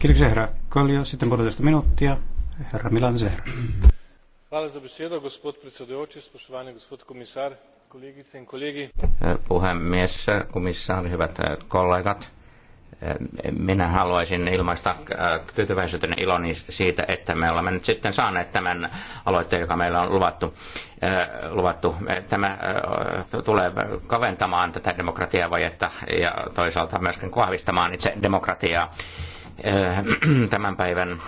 Kiitoksia herra Kallio. Sitten puolitoista minuuttia. Herra Milan Zehra. Hvala za besedo, gospod predsedujoči, spoštovani gospod komisar, Puhemies, komissaari, hyvät äh, kollegat. Äh, minä haluaisin ilmaista äh, tyytyväisyyteni iloni siitä, että me olemme nyt sitten saaneet tämän aloitteen, joka meillä on luvattu. luvattu. Tämä tulee kaventamaan tätä demokratiavajetta ja toisaalta myöskin vahvistamaan itse demokratiaa. Tämän päivän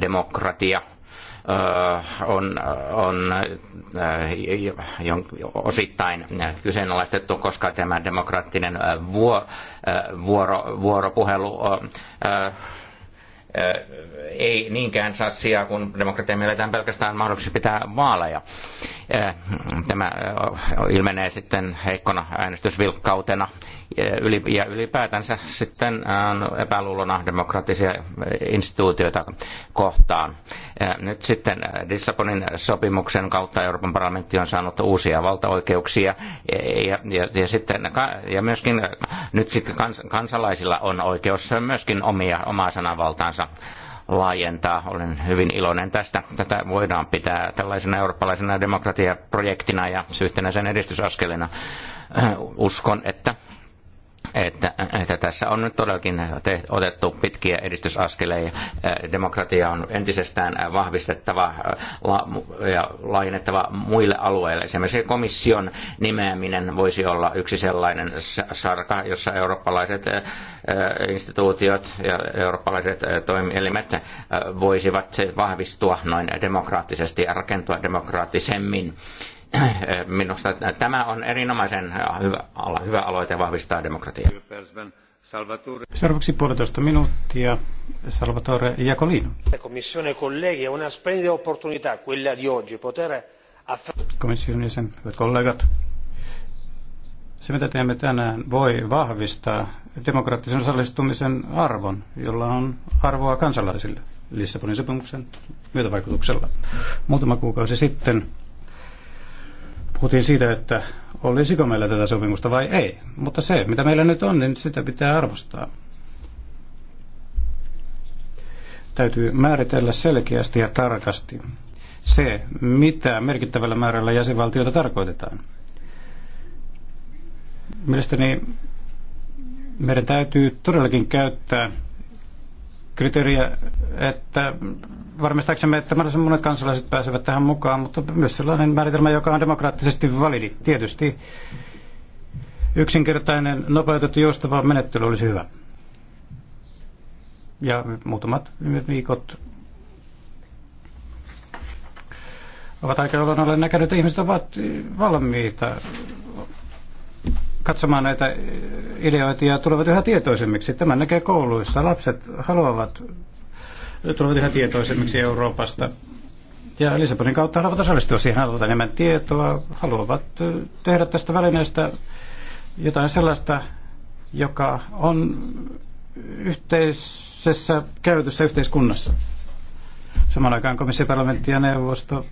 demokratia on, on osittain kyseenalaistettu, koska tämä demokraattinen vuoro, vuoropuhelu ei niinkään saa sijaa, kun demokratia mielletään pelkästään mahdollisesti pitää vaaleja. Tämä ilmenee sitten heikkona äänestysvilkkautena ja ylipäätänsä sitten äh, epäluulona demokraattisia äh, instituutioita kohtaan. Äh, nyt sitten Lissabonin sopimuksen kautta Euroopan parlamentti on saanut uusia valtaoikeuksia ja, ja, ja, sitten, ja myöskin nyt sitten kans, kansalaisilla on oikeus myöskin omia, omaa sananvaltaansa laajentaa. Olen hyvin iloinen tästä. Tätä voidaan pitää tällaisena eurooppalaisena demokratiaprojektina ja yhtenä sen edistysaskelina. Uskon, että että, että tässä on nyt todellakin otettu pitkiä edistysaskeleja. Äh, demokratia on entisestään vahvistettava äh, ja laajennettava muille alueille. Esimerkiksi komission nimeäminen voisi olla yksi sellainen sarka, jossa eurooppalaiset äh, instituutiot ja eurooppalaiset toimielimet voisivat vahvistua noin demokraattisesti ja rakentua demokraattisemmin Eh, minusta tämä on erinomaisen hyvä, hyvä aloite vahvistaa demokratiaa. Seuraavaksi puolitoista minuuttia. Salvatore Iacolino. Commissione una splendida opportunità quella di oggi poter Komission jäsen, hyvät kollegat. Se, mitä teemme tänään, voi vahvistaa demokraattisen osallistumisen arvon, jolla on arvoa kansalaisille Lissabonin sopimuksen myötävaikutuksella. Muutama kuukausi sitten Puhuttiin siitä, että olisiko meillä tätä sopimusta vai ei. Mutta se, mitä meillä nyt on, niin sitä pitää arvostaa. Täytyy määritellä selkeästi ja tarkasti se, mitä merkittävällä määrällä jäsenvaltioita tarkoitetaan. Mielestäni meidän täytyy todellakin käyttää kriteeriä, että varmistaaksemme, että mahdollisimman monet kansalaiset pääsevät tähän mukaan, mutta myös sellainen määritelmä, joka on demokraattisesti validi. Tietysti yksinkertainen, nopeutettu, joustava menettely olisi hyvä. Ja muutamat viikot ovat aika jolloin olen näkenyt, että ihmiset ovat valmiita katsomaan näitä ideoita ja tulevat yhä tietoisemmiksi. Tämän näkee kouluissa. Lapset haluavat, tulevat yhä tietoisemmiksi Euroopasta. Ja Lisabonin kautta haluavat osallistua siihen, haluavat enemmän tietoa, haluavat tehdä tästä välineestä jotain sellaista, joka on yhteisessä käytössä yhteiskunnassa. Samaan aikaan komissio, parlamentti ja neuvosto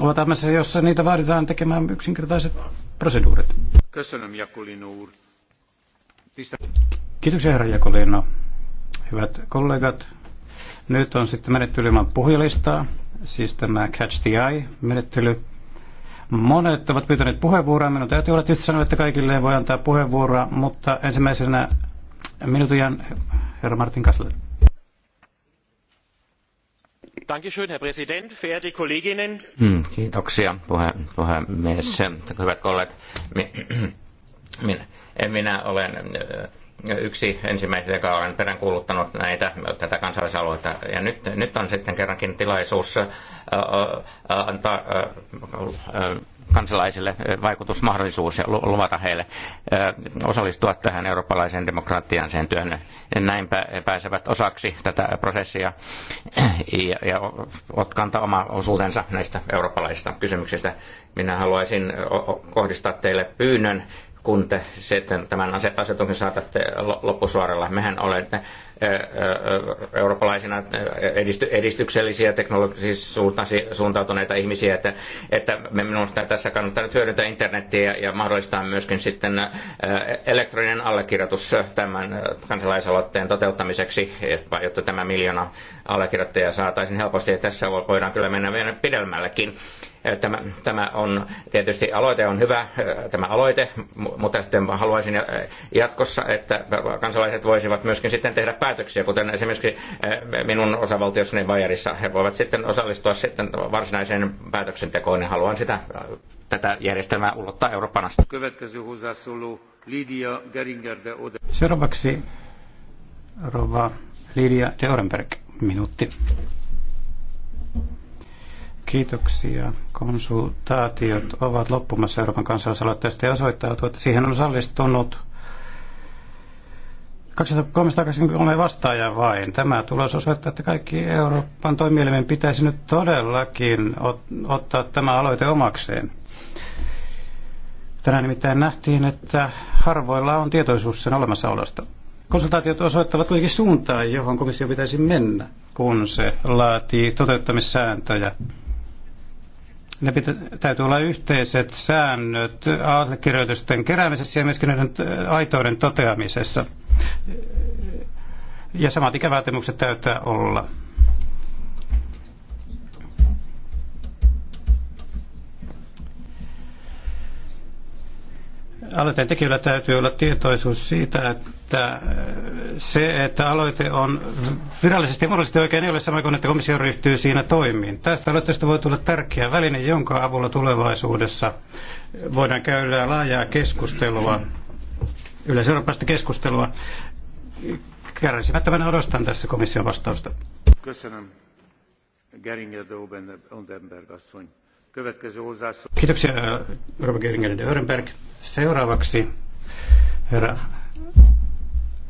ovat amassa, jossa niitä vaaditaan tekemään yksinkertaiset proseduurit. Kiitoksia herra Jakolino. Hyvät kollegat, nyt on sitten menetty ilman puhujalistaa, siis tämä Catch the Eye-menettely. Monet ovat pyytäneet puheenvuoroa. Minun täytyy olla tietysti sanoa, että kaikille voi antaa puheenvuoroa, mutta ensimmäisenä minuutin herra Martin Kassler herr präsident verehrte kolleginnen! Hmm, kiitoksia puhe, hyvät kollegat minä olen äh, yksi ensimmäisiä, joka olen peräänkuuluttanut näitä, tätä kansallisaluetta. Ja nyt, nyt on sitten kerrankin tilaisuus antaa kansalaisille vaikutusmahdollisuus ja luvata heille osallistua tähän eurooppalaiseen demokratian sen työhön. Näin pääsevät osaksi tätä prosessia ja, ja kantaa oma osuutensa näistä eurooppalaisista kysymyksistä. Minä haluaisin kohdistaa teille pyynnön kun te sitten tämän asetuksen saatatte loppusuoralla. Mehän olemme eurooppalaisina edisty, edistyksellisiä teknologisia suuntautuneita ihmisiä, että, että me minusta tässä kannattaa nyt hyödyntää internetiä ja, ja mahdollistaa myöskin sitten elektroninen allekirjoitus tämän kansalaisaloitteen toteuttamiseksi, jotta tämä miljoona allekirjoittajaa saataisiin helposti. Ja tässä voidaan kyllä mennä vielä pidemmällekin. Tämä, tämä on tietysti aloite on hyvä, tämä aloite, mutta sitten haluaisin jatkossa, että kansalaiset voisivat myöskin sitten tehdä päätöksiä, kuten esimerkiksi minun osavaltiossani Bajarissa. He voivat sitten osallistua sitten varsinaiseen päätöksentekoon ja niin haluan sitä, tätä järjestelmää ulottaa Euroopan asti. Seuraavaksi rouva Lidia de minuutti. Kiitoksia. Konsultaatiot ovat loppumassa Euroopan kansalaisaloitteesta ja osoittautuu, että siihen on osallistunut 323 vastaaja vain. Tämä tulos osoittaa, että kaikki Euroopan toimielimen pitäisi nyt todellakin ot- ottaa tämä aloite omakseen. Tänään nimittäin nähtiin, että harvoilla on tietoisuus sen olemassaolosta. Konsultaatiot osoittavat kuitenkin suuntaa, johon komissio pitäisi mennä, kun se laatii toteuttamissääntöjä ne pitä, täytyy olla yhteiset säännöt allekirjoitusten keräämisessä ja myöskin näiden äh, aitouden toteamisessa. Ja samat ikävaatimukset täytyy olla. aloitteen tekijöillä täytyy olla tietoisuus siitä, että äh, se, että aloite on virallisesti ja muodollisesti oikein, ei ole sama kuin, että komissio ryhtyy siinä toimiin. Tästä aloitteesta voi tulla tärkeä väline, jonka avulla tulevaisuudessa voidaan käydä laajaa keskustelua, yleiseurooppalaista keskustelua. Kärsimättömänä odostan tässä komission vastausta. Köszönöm. Geringer Kiitoksia, Robert Göringen de Örenberg. Seuraavaksi herra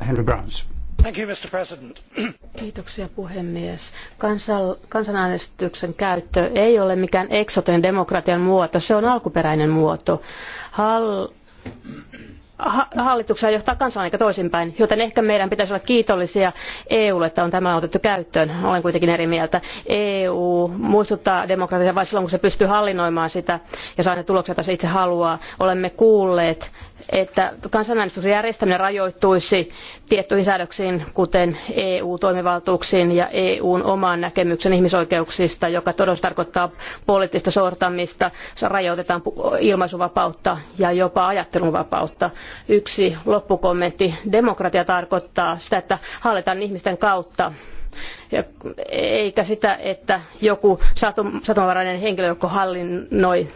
Henry Browns. Thank you, Mr. President. Kiitoksia puhemies. Kansal- kansanäänestyksen käyttö ei ole mikään eksotinen demokratian muoto, se on alkuperäinen muoto. Hall- hallituksia johtaa kansalainen eikä toisinpäin, joten ehkä meidän pitäisi olla kiitollisia EUlle, että on tämä otettu käyttöön. Olen kuitenkin eri mieltä. EU muistuttaa demokratiaa vain silloin, kun se pystyy hallinnoimaan sitä ja saa ne tulokset, joita se itse haluaa. Olemme kuulleet että kansanäänestyksen järjestäminen rajoittuisi tiettyihin säädöksiin, kuten EU-toimivaltuuksiin ja EUn omaan näkemyksen ihmisoikeuksista, joka todella tarkoittaa poliittista sortamista, rajoitetaan ilmaisuvapautta ja jopa ajattelunvapautta. Yksi loppukommentti. Demokratia tarkoittaa sitä, että hallitaan ihmisten kautta eikä sitä, että joku satunvarainen henkilö, joka hallinnoi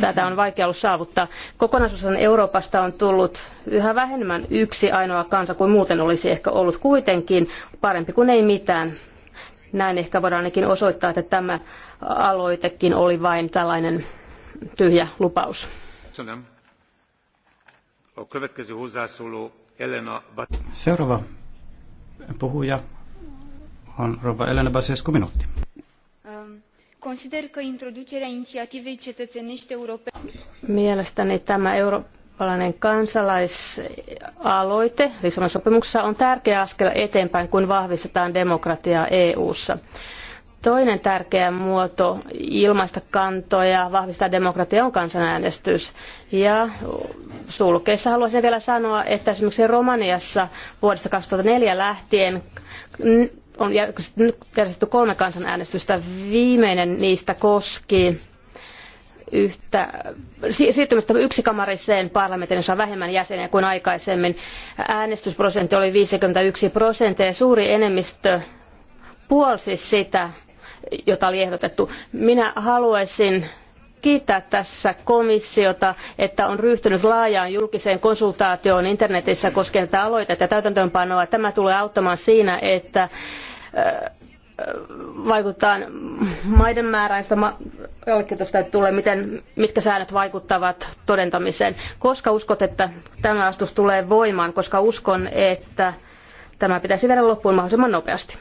tätä on vaikea ollut saavuttaa. Kokonaisuudessaan Euroopasta on tullut yhä vähemmän yksi ainoa kansa kuin muuten olisi ehkä ollut kuitenkin parempi kuin ei mitään. Näin ehkä voidaan ainakin osoittaa, että tämä aloitekin oli vain tällainen tyhjä lupaus. Seuraava puhuja on rouva Elena Basescu minuutti. Ähm, Consider că introducerea inițiativei cetățenești europene... Mielestäni tämä eurooppalainen kansalaisaloite Lissabonin sopimuksessa on tärkeä askel eteenpäin, kun vahvistetaan demokratiaa EU:ssa. Toinen tärkeä muoto ilmaista kantoja, vahvistaa demokratiaa on kansanäänestys. Ja sulkeissa haluaisin vielä sanoa, että esimerkiksi Romaniassa vuodesta 2004 lähtien on järjestetty kolme kansanäänestystä. Viimeinen niistä koski yhtä, siirtymistä yksikamariseen parlamenttiin, jossa on vähemmän jäseniä kuin aikaisemmin. Äänestysprosentti oli 51 prosenttia ja suuri enemmistö puolsi sitä, jota oli ehdotettu. Minä haluaisin kiittää tässä komissiota, että on ryhtynyt laajaan julkiseen konsultaatioon internetissä koskien tätä aloitetta ja täytäntöönpanoa. Tämä tulee auttamaan siinä, että vaikutetaan maiden määrään, sitä allekirjoitusta tulee, miten, mitkä säännöt vaikuttavat todentamiseen. Koska uskot, että tämä astus tulee voimaan, koska uskon, että tämä pitäisi viedä loppuun mahdollisimman nopeasti.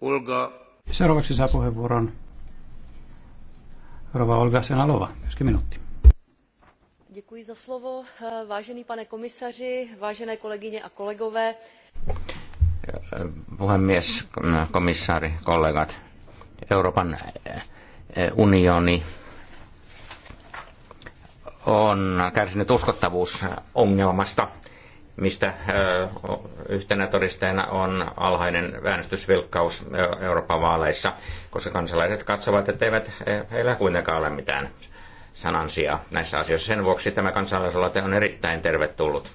Ulga. Seuraavaksi saa puheenvuoron Rova Olga Senalova, Děkuji za slovo, vážený pane komisaři, vážené kolegyně a kolegové. Puhemies, komissaari, kollegat. Euroopan eh, unioni on kärsinyt uskottavuusongelmasta – mistä yhtenä todisteena on alhainen äänestysvilkkaus Euroopan vaaleissa, koska kansalaiset katsovat, että eivät, e, heillä kuitenkaan ole mitään sanansia näissä asioissa. Sen vuoksi tämä kansalaisaloite on erittäin tervetullut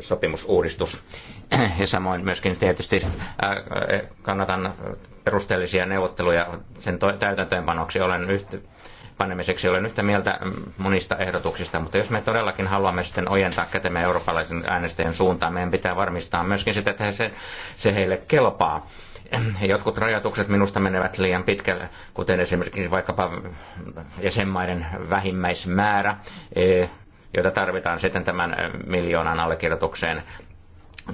sopimusuudistus. Ja samoin myöskin tietysti kannatan perusteellisia neuvotteluja sen täytäntöönpanoksi. Olen yhtä, panemiseksi. Olen yhtä mieltä mm, monista ehdotuksista, mutta jos me todellakin haluamme sitten ojentaa kätemme eurooppalaisen äänestäjän suuntaan, meidän pitää varmistaa myöskin sitä, että se, se heille kelpaa. Jotkut rajoitukset minusta menevät liian pitkälle, kuten esimerkiksi vaikkapa jäsenmaiden vähimmäismäärä, e, jota tarvitaan sitten tämän miljoonan allekirjoitukseen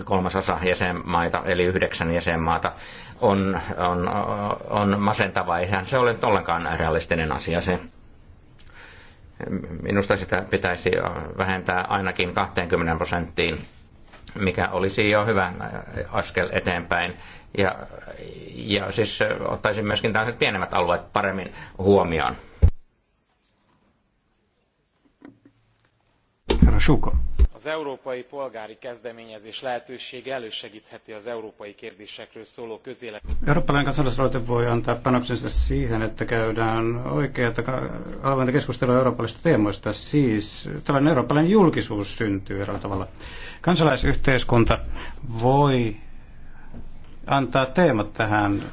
kolmasosa jäsenmaita, eli yhdeksän jäsenmaata, on, on, on masentava. Eihän se ole ollenkaan realistinen asia se. Minusta sitä pitäisi vähentää ainakin 20 prosenttiin, mikä olisi jo hyvä askel eteenpäin. Ja, ja siis ottaisin myöskin tällaiset pienemmät alueet paremmin huomioon. Herra Shuko az európai polgári kezdeményezés lehetősége elősegtheti az európai kérdésekről szóló közéleményt. Eurooppalainen kansalaisaloite voi antaa panoksensa siihen, että käydään oikeata avointa keskustelua eurooppalaisista teemoista. Siis tällainen eurooppalainen julkisuus syntyy eräällä tavalla. Kansalaisyhteiskunta voi antaa teemat tähän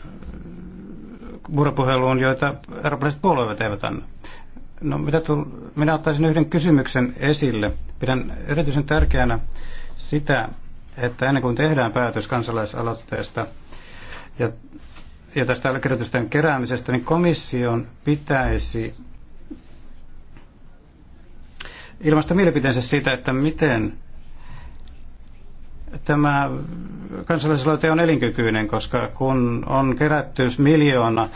vuoropuheluun, joita eurooppalaiset puolueet eivät anna. No, mitä tull- Minä ottaisin yhden kysymyksen esille. Pidän erityisen tärkeänä sitä, että ennen kuin tehdään päätös kansalaisaloitteesta ja, ja tästä allekirjoitusten keräämisestä, niin komission pitäisi ilmaista mielipiteensä siitä, että miten tämä kansalaisaloite on elinkykyinen, koska kun on kerätty miljoona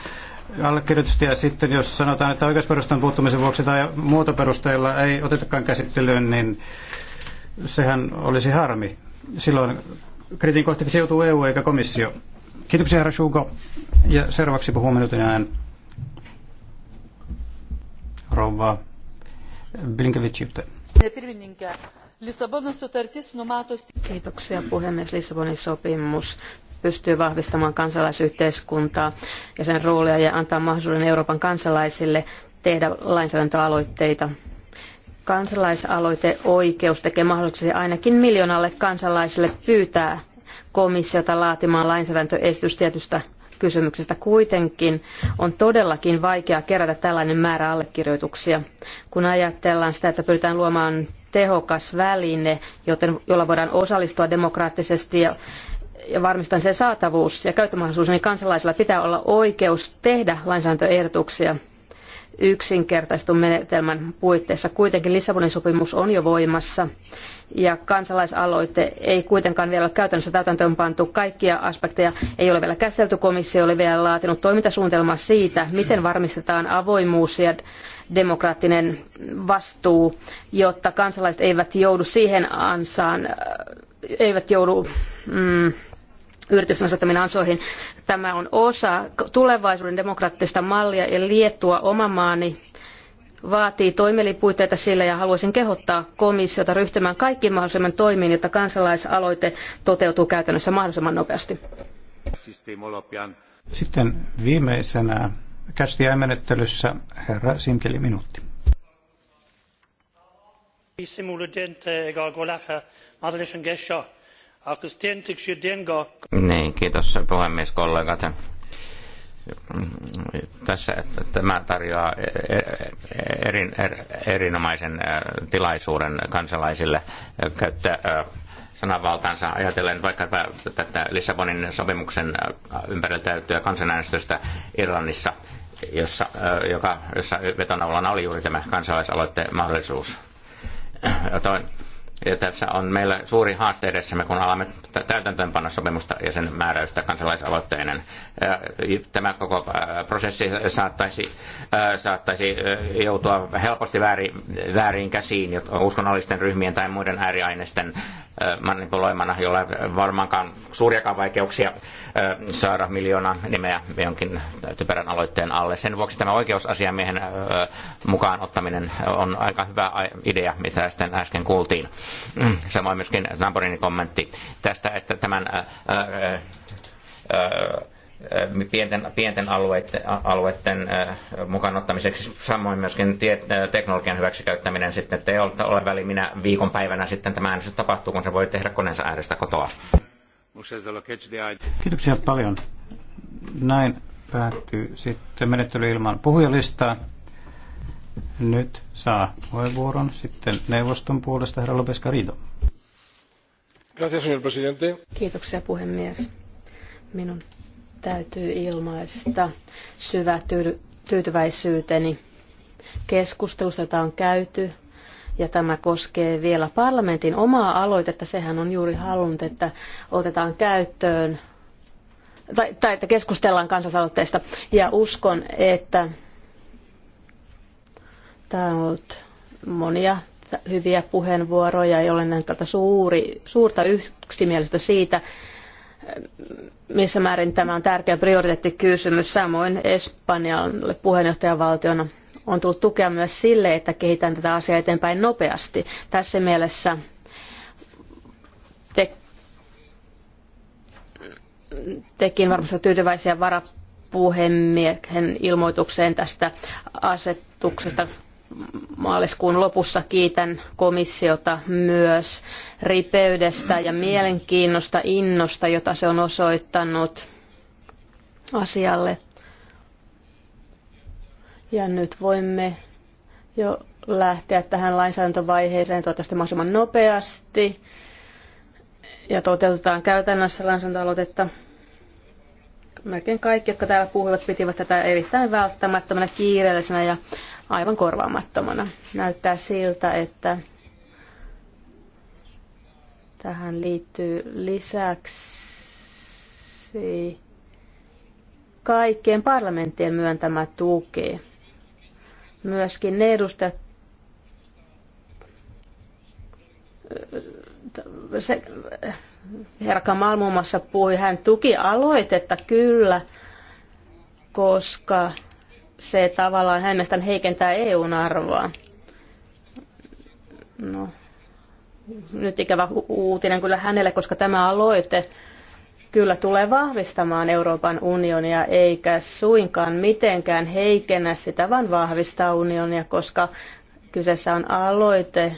allekirjoitusta ja sitten jos sanotaan, että oikeusperustan puuttumisen vuoksi tai muotoperusteilla ei otetakaan käsittelyyn, niin sehän olisi harmi. Silloin kritiin kohteeksi joutuu EU eikä komissio. Kiitoksia herra Schuko. Ja seuraavaksi puhuu minuutin ajan rouva Blinkevičiūtė. Lisabonin Kiitoksia puhemies. Lissabonin sopimus pystyy vahvistamaan kansalaisyhteiskuntaa ja sen roolia ja antaa mahdollisuuden Euroopan kansalaisille tehdä lainsäädäntöaloitteita. Kansalaisaloiteoikeus tekee mahdolliseksi ainakin miljoonalle kansalaiselle pyytää komissiota laatimaan lainsäädäntöesitys tietystä kysymyksestä. Kuitenkin on todellakin vaikea kerätä tällainen määrä allekirjoituksia, kun ajatellaan sitä, että pyritään luomaan tehokas väline, joten, jolla voidaan osallistua demokraattisesti ja ja varmistan sen saatavuus ja käyttömahdollisuus, niin kansalaisilla pitää olla oikeus tehdä lainsäädäntöehdotuksia yksinkertaistun menetelmän puitteissa. Kuitenkin Lissabonin sopimus on jo voimassa ja kansalaisaloite ei kuitenkaan vielä ole käytännössä täytäntöönpantu. Kaikkia aspekteja ei ole vielä käsitelty. Komissio oli vielä laatinut toimintasuunnitelmaa siitä, miten varmistetaan avoimuus ja demokraattinen vastuu, jotta kansalaiset eivät joudu siihen ansaan, eivät joudu mm, yritysten asettaminen ansoihin. Tämä on osa tulevaisuuden demokraattista mallia ja liettua oma maani vaatii toimielipuitteita sille ja haluaisin kehottaa komissiota ryhtymään kaikkiin mahdollisimman toimiin, jotta kansalaisaloite toteutuu käytännössä mahdollisimman nopeasti. Sitten viimeisenä käsityömenettelyssä herra Simkeli minuutti. Niin, kiitos puhemies kollegat. Tässä tämä tarjoaa e, e, erin, er, erinomaisen e, tilaisuuden kansalaisille käyttää sananvaltaansa ajatellen vaikka tätä Lissabonin sopimuksen ympärillä täyttyä kansanäänestystä Irlannissa, jossa, joka, jossa vetonavulana oli juuri tämä kansalaisaloitteen mahdollisuus. Toin, ja tässä on meillä suuri haaste edessämme, kun alamme täytäntöönpanna sopimusta ja sen määräystä kansalaisaloitteinen tämä koko prosessi saattaisi, saattaisi joutua helposti väärin, väärin käsiin uskonnollisten ryhmien tai muiden ääriaineisten manipuloimana, jolla varmaankaan suuriakaan vaikeuksia saada miljoonaa nimeä jonkin typerän aloitteen alle. Sen vuoksi tämä oikeusasiamiehen mukaan ottaminen on aika hyvä idea, mitä sitten äsken kuultiin. Samoin myöskin Zamborinin kommentti tästä, että tämän pienten, pienten alueiden, alueiden mukaan ottamiseksi, samoin myöskin teknologian hyväksikäyttäminen sitten, ei ole, ole väli minä viikonpäivänä sitten tämä äänestys tapahtuu, kun se voi tehdä koneensa äärestä kotoa. Kiitoksia paljon. Näin päättyy sitten menettely ilman puhujalistaa. Nyt saa puheenvuoron sitten neuvoston puolesta herra Lopes Carido. Kiitoksia puhemies. Minun täytyy ilmaista syvä tyytyväisyyteni keskustelusta, jota on käyty. Ja tämä koskee vielä parlamentin omaa aloitetta. Sehän on juuri halunnut, että otetaan käyttöön tai, tai että keskustellaan kansalaisaloitteesta. Ja uskon, että tämä on ollut monia hyviä puheenvuoroja, ei ole näin tätä suuri, suurta yksimielisyyttä siitä, missä määrin tämä on tärkeä prioriteettikysymys. Samoin Espanjalle puheenjohtajavaltiona on tullut tukea myös sille, että kehitän tätä asiaa eteenpäin nopeasti. Tässä mielessä te, tekin varmasti tyytyväisiä varapuhemiehen ilmoitukseen tästä asetuksesta maaliskuun lopussa kiitän komissiota myös ripeydestä ja mielenkiinnosta, innosta, jota se on osoittanut asialle. Ja nyt voimme jo lähteä tähän lainsäädäntövaiheeseen toivottavasti mahdollisimman nopeasti. Ja toteutetaan käytännössä lainsäädäntöaloitetta. Melkein kaikki, jotka täällä puhuivat, pitivät tätä erittäin välttämättömänä, kiireellisenä ja aivan korvaamattomana. Näyttää siltä, että tähän liittyy lisäksi kaikkien parlamenttien myöntämä tuki. Myöskin ne edustajat, se, herra Kamal muun muassa puhui, hän tuki aloitetta kyllä, koska se tavallaan hämmästään heikentää EUn arvoa. No, nyt ikävä uutinen kyllä hänelle, koska tämä aloite kyllä tulee vahvistamaan Euroopan unionia, eikä suinkaan mitenkään heikennä sitä, vaan vahvistaa unionia, koska kyseessä on aloite,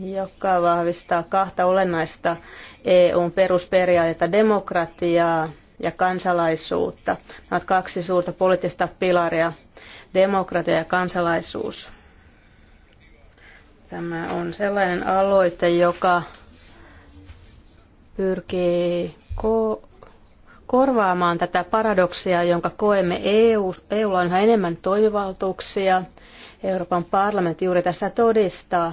joka vahvistaa kahta olennaista EUn perusperiaatetta, demokratiaa ja kansalaisuutta. Nämä ovat kaksi suurta poliittista pilaria, demokratia ja kansalaisuus. Tämä on sellainen aloite, joka pyrkii ko- korvaamaan tätä paradoksia, jonka koemme EU, EUlla on yhä enemmän toimivaltuuksia. Euroopan parlamentti juuri tästä todistaa.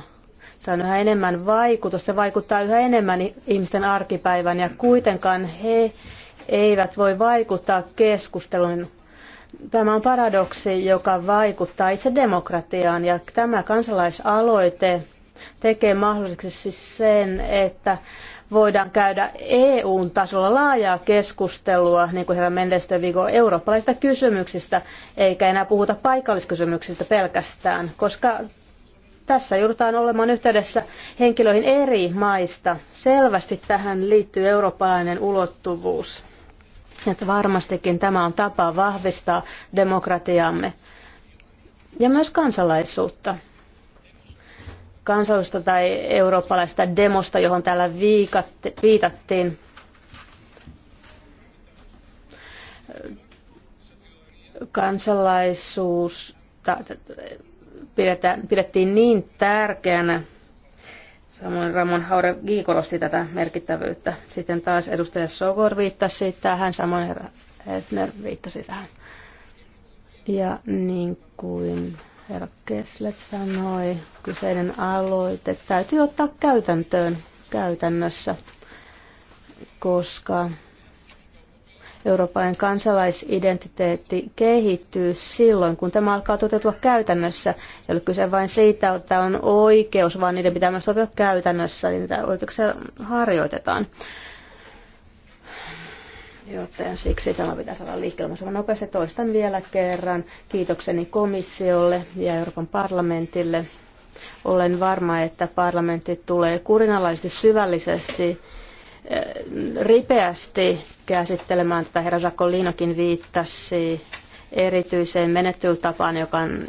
Se on yhä enemmän vaikutus, se vaikuttaa yhä enemmän ihmisten arkipäivän ja kuitenkaan he eivät voi vaikuttaa keskusteluun. Tämä on paradoksi, joka vaikuttaa itse demokratiaan ja tämä kansalaisaloite tekee mahdolliseksi siis sen, että voidaan käydä EU-tasolla laajaa keskustelua, niin kuin herra Mendes Vigo, eurooppalaisista kysymyksistä, eikä enää puhuta paikalliskysymyksistä pelkästään, koska tässä joudutaan olemaan yhteydessä henkilöihin eri maista. Selvästi tähän liittyy eurooppalainen ulottuvuus että varmastikin tämä on tapa vahvistaa demokratiamme ja myös kansalaisuutta. Kansallista tai eurooppalaista demosta, johon täällä viitattiin. Kansalaisuus pidettiin niin tärkeänä, Samoin Ramon Hauregi korosti tätä merkittävyyttä. Sitten taas edustaja Sogor viittasi tähän, samoin herra Hefner viittasi tähän. Ja niin kuin herra Kesslet sanoi, kyseinen aloite täytyy ottaa käytäntöön käytännössä, koska Euroopan kansalaisidentiteetti kehittyy silloin, kun tämä alkaa toteutua käytännössä. Ei ole kyse vain siitä, että on oikeus, vaan niiden pitää myös toteutua käytännössä, niin niitä oikeuksia harjoitetaan. Joten siksi tämä pitää saada liikkeelle mahdollisimman nopeasti. Toistan vielä kerran kiitokseni komissiolle ja Euroopan parlamentille. Olen varma, että parlamentti tulee kurinalaisesti syvällisesti ripeästi käsittelemään tätä. Herra Jakolinokin viittasi erityiseen menettelytapaan, joka on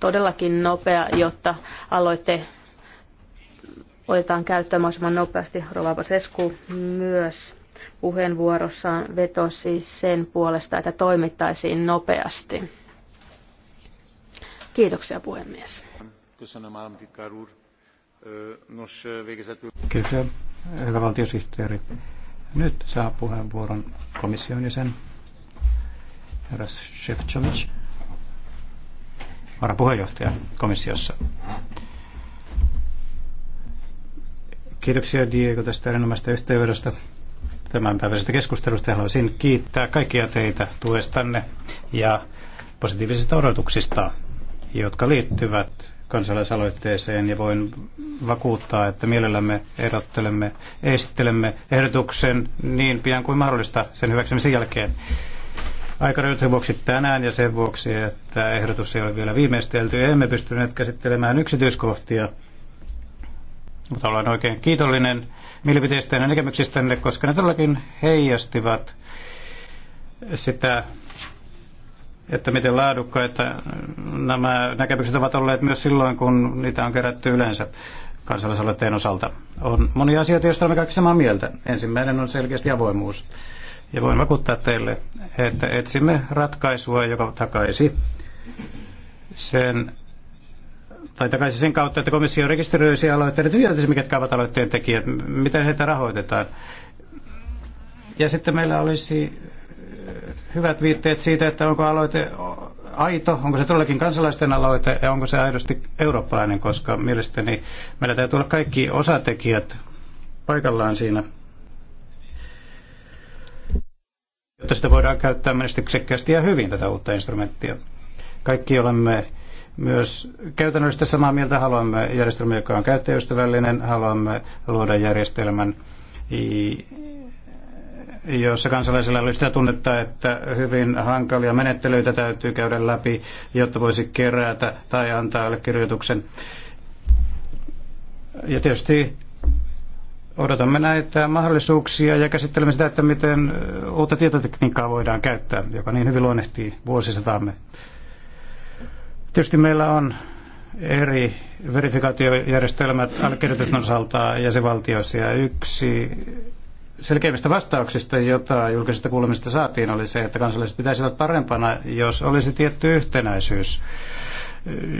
todellakin nopea, jotta aloite otetaan käyttöön mahdollisimman nopeasti. Rova Basescu myös puheenvuorossaan vetosi sen puolesta, että toimittaisiin nopeasti. Kiitoksia puhemies hyvä valtiosihteeri. Nyt saa puheenvuoron komission jäsen herra Shevchovic, varapuheenjohtaja komissiossa. Kiitoksia Diego tästä erinomaisesta yhteydestä tämänpäiväisestä keskustelusta. Haluaisin kiittää kaikkia teitä tuestanne ja positiivisista odotuksista jotka liittyvät kansalaisaloitteeseen ja voin vakuuttaa, että mielellämme erottelemme, esittelemme ehdotuksen niin pian kuin mahdollista sen hyväksymisen jälkeen. Aikarajoituksen vuoksi tänään ja sen vuoksi, että ehdotus ei ole vielä viimeistelty, emme pystyneet käsittelemään yksityiskohtia, mutta olen oikein kiitollinen mielipiteistä ja näkemyksistänne, koska ne todellakin heijastivat sitä että miten laadukkaita nämä näkemykset ovat olleet myös silloin, kun niitä on kerätty yleensä kansalaisaloitteen osalta. On monia asioita, joista olemme kaikki samaa mieltä. Ensimmäinen on selkeästi avoimuus. Ja voin vakuuttaa teille, että etsimme ratkaisua, joka takaisi sen tai takaisi sen kautta, että komissio rekisteröisi aloitteet, tietäisi, ketkä ovat aloitteen tekijät, miten heitä rahoitetaan. Ja sitten meillä olisi hyvät viitteet siitä, että onko aloite aito, onko se todellakin kansalaisten aloite ja onko se aidosti eurooppalainen, koska mielestäni meillä täytyy olla kaikki osatekijät paikallaan siinä, jotta sitä voidaan käyttää menestyksekkäästi ja hyvin tätä uutta instrumenttia. Kaikki olemme myös käytännöllisesti samaa mieltä, haluamme järjestelmän, joka on käyttäjäystävällinen, haluamme luoda järjestelmän, jossa kansalaisilla oli sitä tunnetta, että hyvin hankalia menettelyitä täytyy käydä läpi, jotta voisi kerätä tai antaa allekirjoituksen. Ja tietysti odotamme näitä mahdollisuuksia ja käsittelemme sitä, että miten uutta tietotekniikkaa voidaan käyttää, joka niin hyvin luonnehtii vuosisataamme. Tietysti meillä on eri verifikaatiojärjestelmät allekirjoitusten osalta jäsenvaltioissa ja yksi selkeimmistä vastauksista, jota julkisesta kuulemista saatiin, oli se, että kansalaiset olla parempana, jos olisi tietty yhtenäisyys.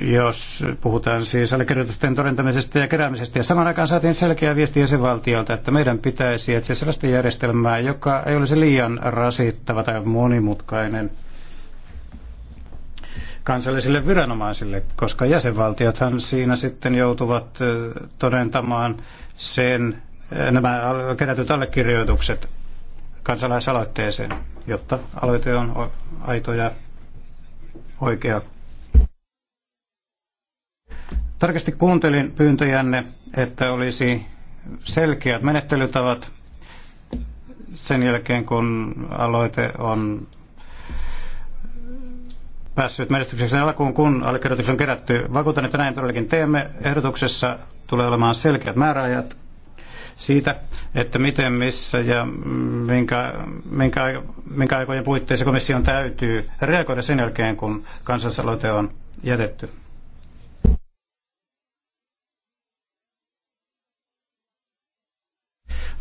Jos puhutaan siis allekirjoitusten todentamisesta ja keräämisestä, ja saman aikaan saatiin selkeä viesti jäsenvaltiolta, että meidän pitäisi etsiä sellaista järjestelmää, joka ei olisi liian rasittava tai monimutkainen kansallisille viranomaisille, koska jäsenvaltiothan siinä sitten joutuvat eh, todentamaan sen, nämä kerätyt allekirjoitukset kansalaisaloitteeseen, jotta aloite on aito ja oikea. Tarkasti kuuntelin pyyntöjänne, että olisi selkeät menettelytavat sen jälkeen, kun aloite on päässyt menestyksen alkuun, kun allekirjoitus on kerätty. Vakuutan, että näin todellakin teemme. Ehdotuksessa tulee olemaan selkeät määräajat siitä, että miten, missä ja minkä, minkä, minkä aikojen puitteissa komission täytyy reagoida sen jälkeen, kun kansalaisaloite on jätetty.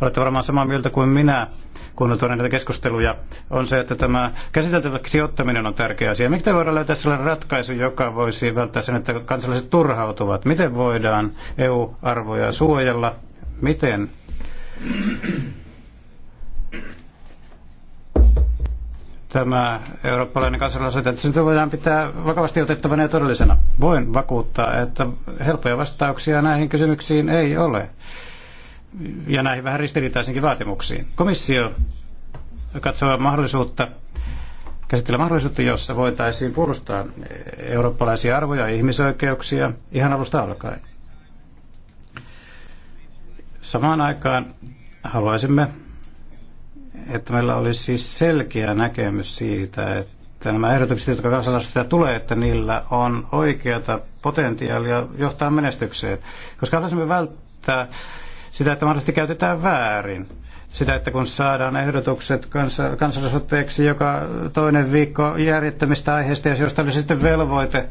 olette varmaan samaa mieltä kuin minä, kun tuon näitä keskusteluja, on se, että tämä käsiteltäväksi ottaminen on tärkeä asia. Miksi voidaan löytää sellainen ratkaisu, joka voisi välttää sen, että kansalaiset turhautuvat? Miten voidaan EU-arvoja suojella Miten tämä eurooppalainen että sitä voidaan pitää vakavasti otettavana ja todellisena. Voin vakuuttaa, että helppoja vastauksia näihin kysymyksiin ei ole ja näihin vähän ristiriitaisinkin vaatimuksiin. Komissio katsoo mahdollisuutta käsitellä mahdollisuutta, jossa voitaisiin puolustaa eurooppalaisia arvoja ja ihmisoikeuksia ihan alusta alkaen. Samaan aikaan haluaisimme, että meillä olisi siis selkeä näkemys siitä, että nämä ehdotukset, jotka kansalaisista tulee, että niillä on oikeata potentiaalia johtaa menestykseen. Koska haluaisimme välttää sitä, että mahdollisesti käytetään väärin. Sitä, että kun saadaan ehdotukset kansalaisotteeksi joka toinen viikko järjettömistä aiheista, ja josta olisi sitten velvoite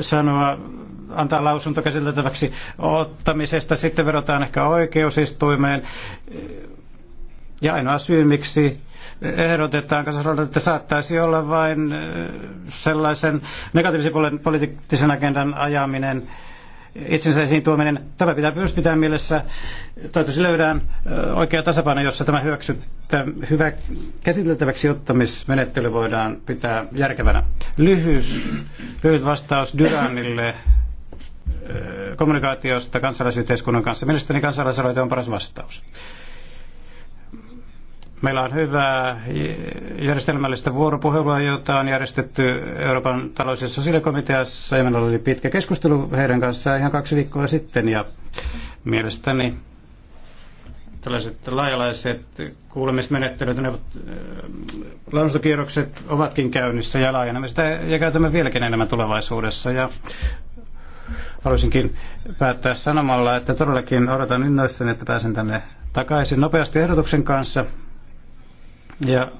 sanoa, antaa lausunto käsiteltäväksi ottamisesta, sitten vedotaan ehkä oikeusistuimeen. Ja ainoa syy, miksi ehdotetaan että saattaisi olla vain eh, sellaisen negatiivisen poliittisen agendan ajaminen, itsensä esiin tuominen, tämä pitää myös pitää mielessä. Toivottavasti löydään oikea tasapaino, jossa tämä hyväksyttä, hyvä käsiteltäväksi ottamismenettely voidaan pitää järkevänä. Lyhyys, lyhyt vastaus Dyranille kommunikaatiosta kansalaisyhteiskunnan kanssa. Mielestäni kansalaisaloite on paras vastaus. Meillä on hyvää järjestelmällistä vuoropuhelua, jota on järjestetty Euroopan talous- ja sosiaalikomiteassa. Ja meillä oli pitkä keskustelu heidän kanssaan ihan kaksi viikkoa sitten. Ja mielestäni tällaiset laajalaiset kuulemismenettelyt ja äh, lausuntokierrokset ovatkin käynnissä ja laajenemista sitä ja käytämme vieläkin enemmän tulevaisuudessa. Ja haluaisinkin päättää sanomalla, että todellakin odotan innoissani, että pääsen tänne takaisin nopeasti ehdotuksen kanssa. Ja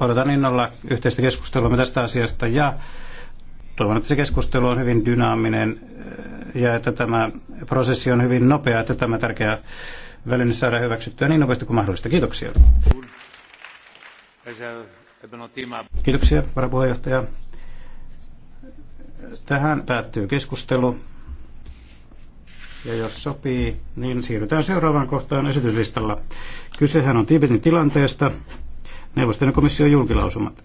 odotan innolla yhteistä keskustelua tästä asiasta ja toivon, että se keskustelu on hyvin dynaaminen eh, ja että tämä prosessi on hyvin nopea, että tämä tärkeä väline saadaan hyväksyttyä niin nopeasti kuin mahdollista. Kiitoksia. Kiitoksia, varapuheenjohtaja. Tähän päättyy keskustelu. Ja jos sopii, niin siirrytään seuraavaan kohtaan esityslistalla. Kysehän on Tiibetin tilanteesta. Neuvoston ja komission julkilausumat.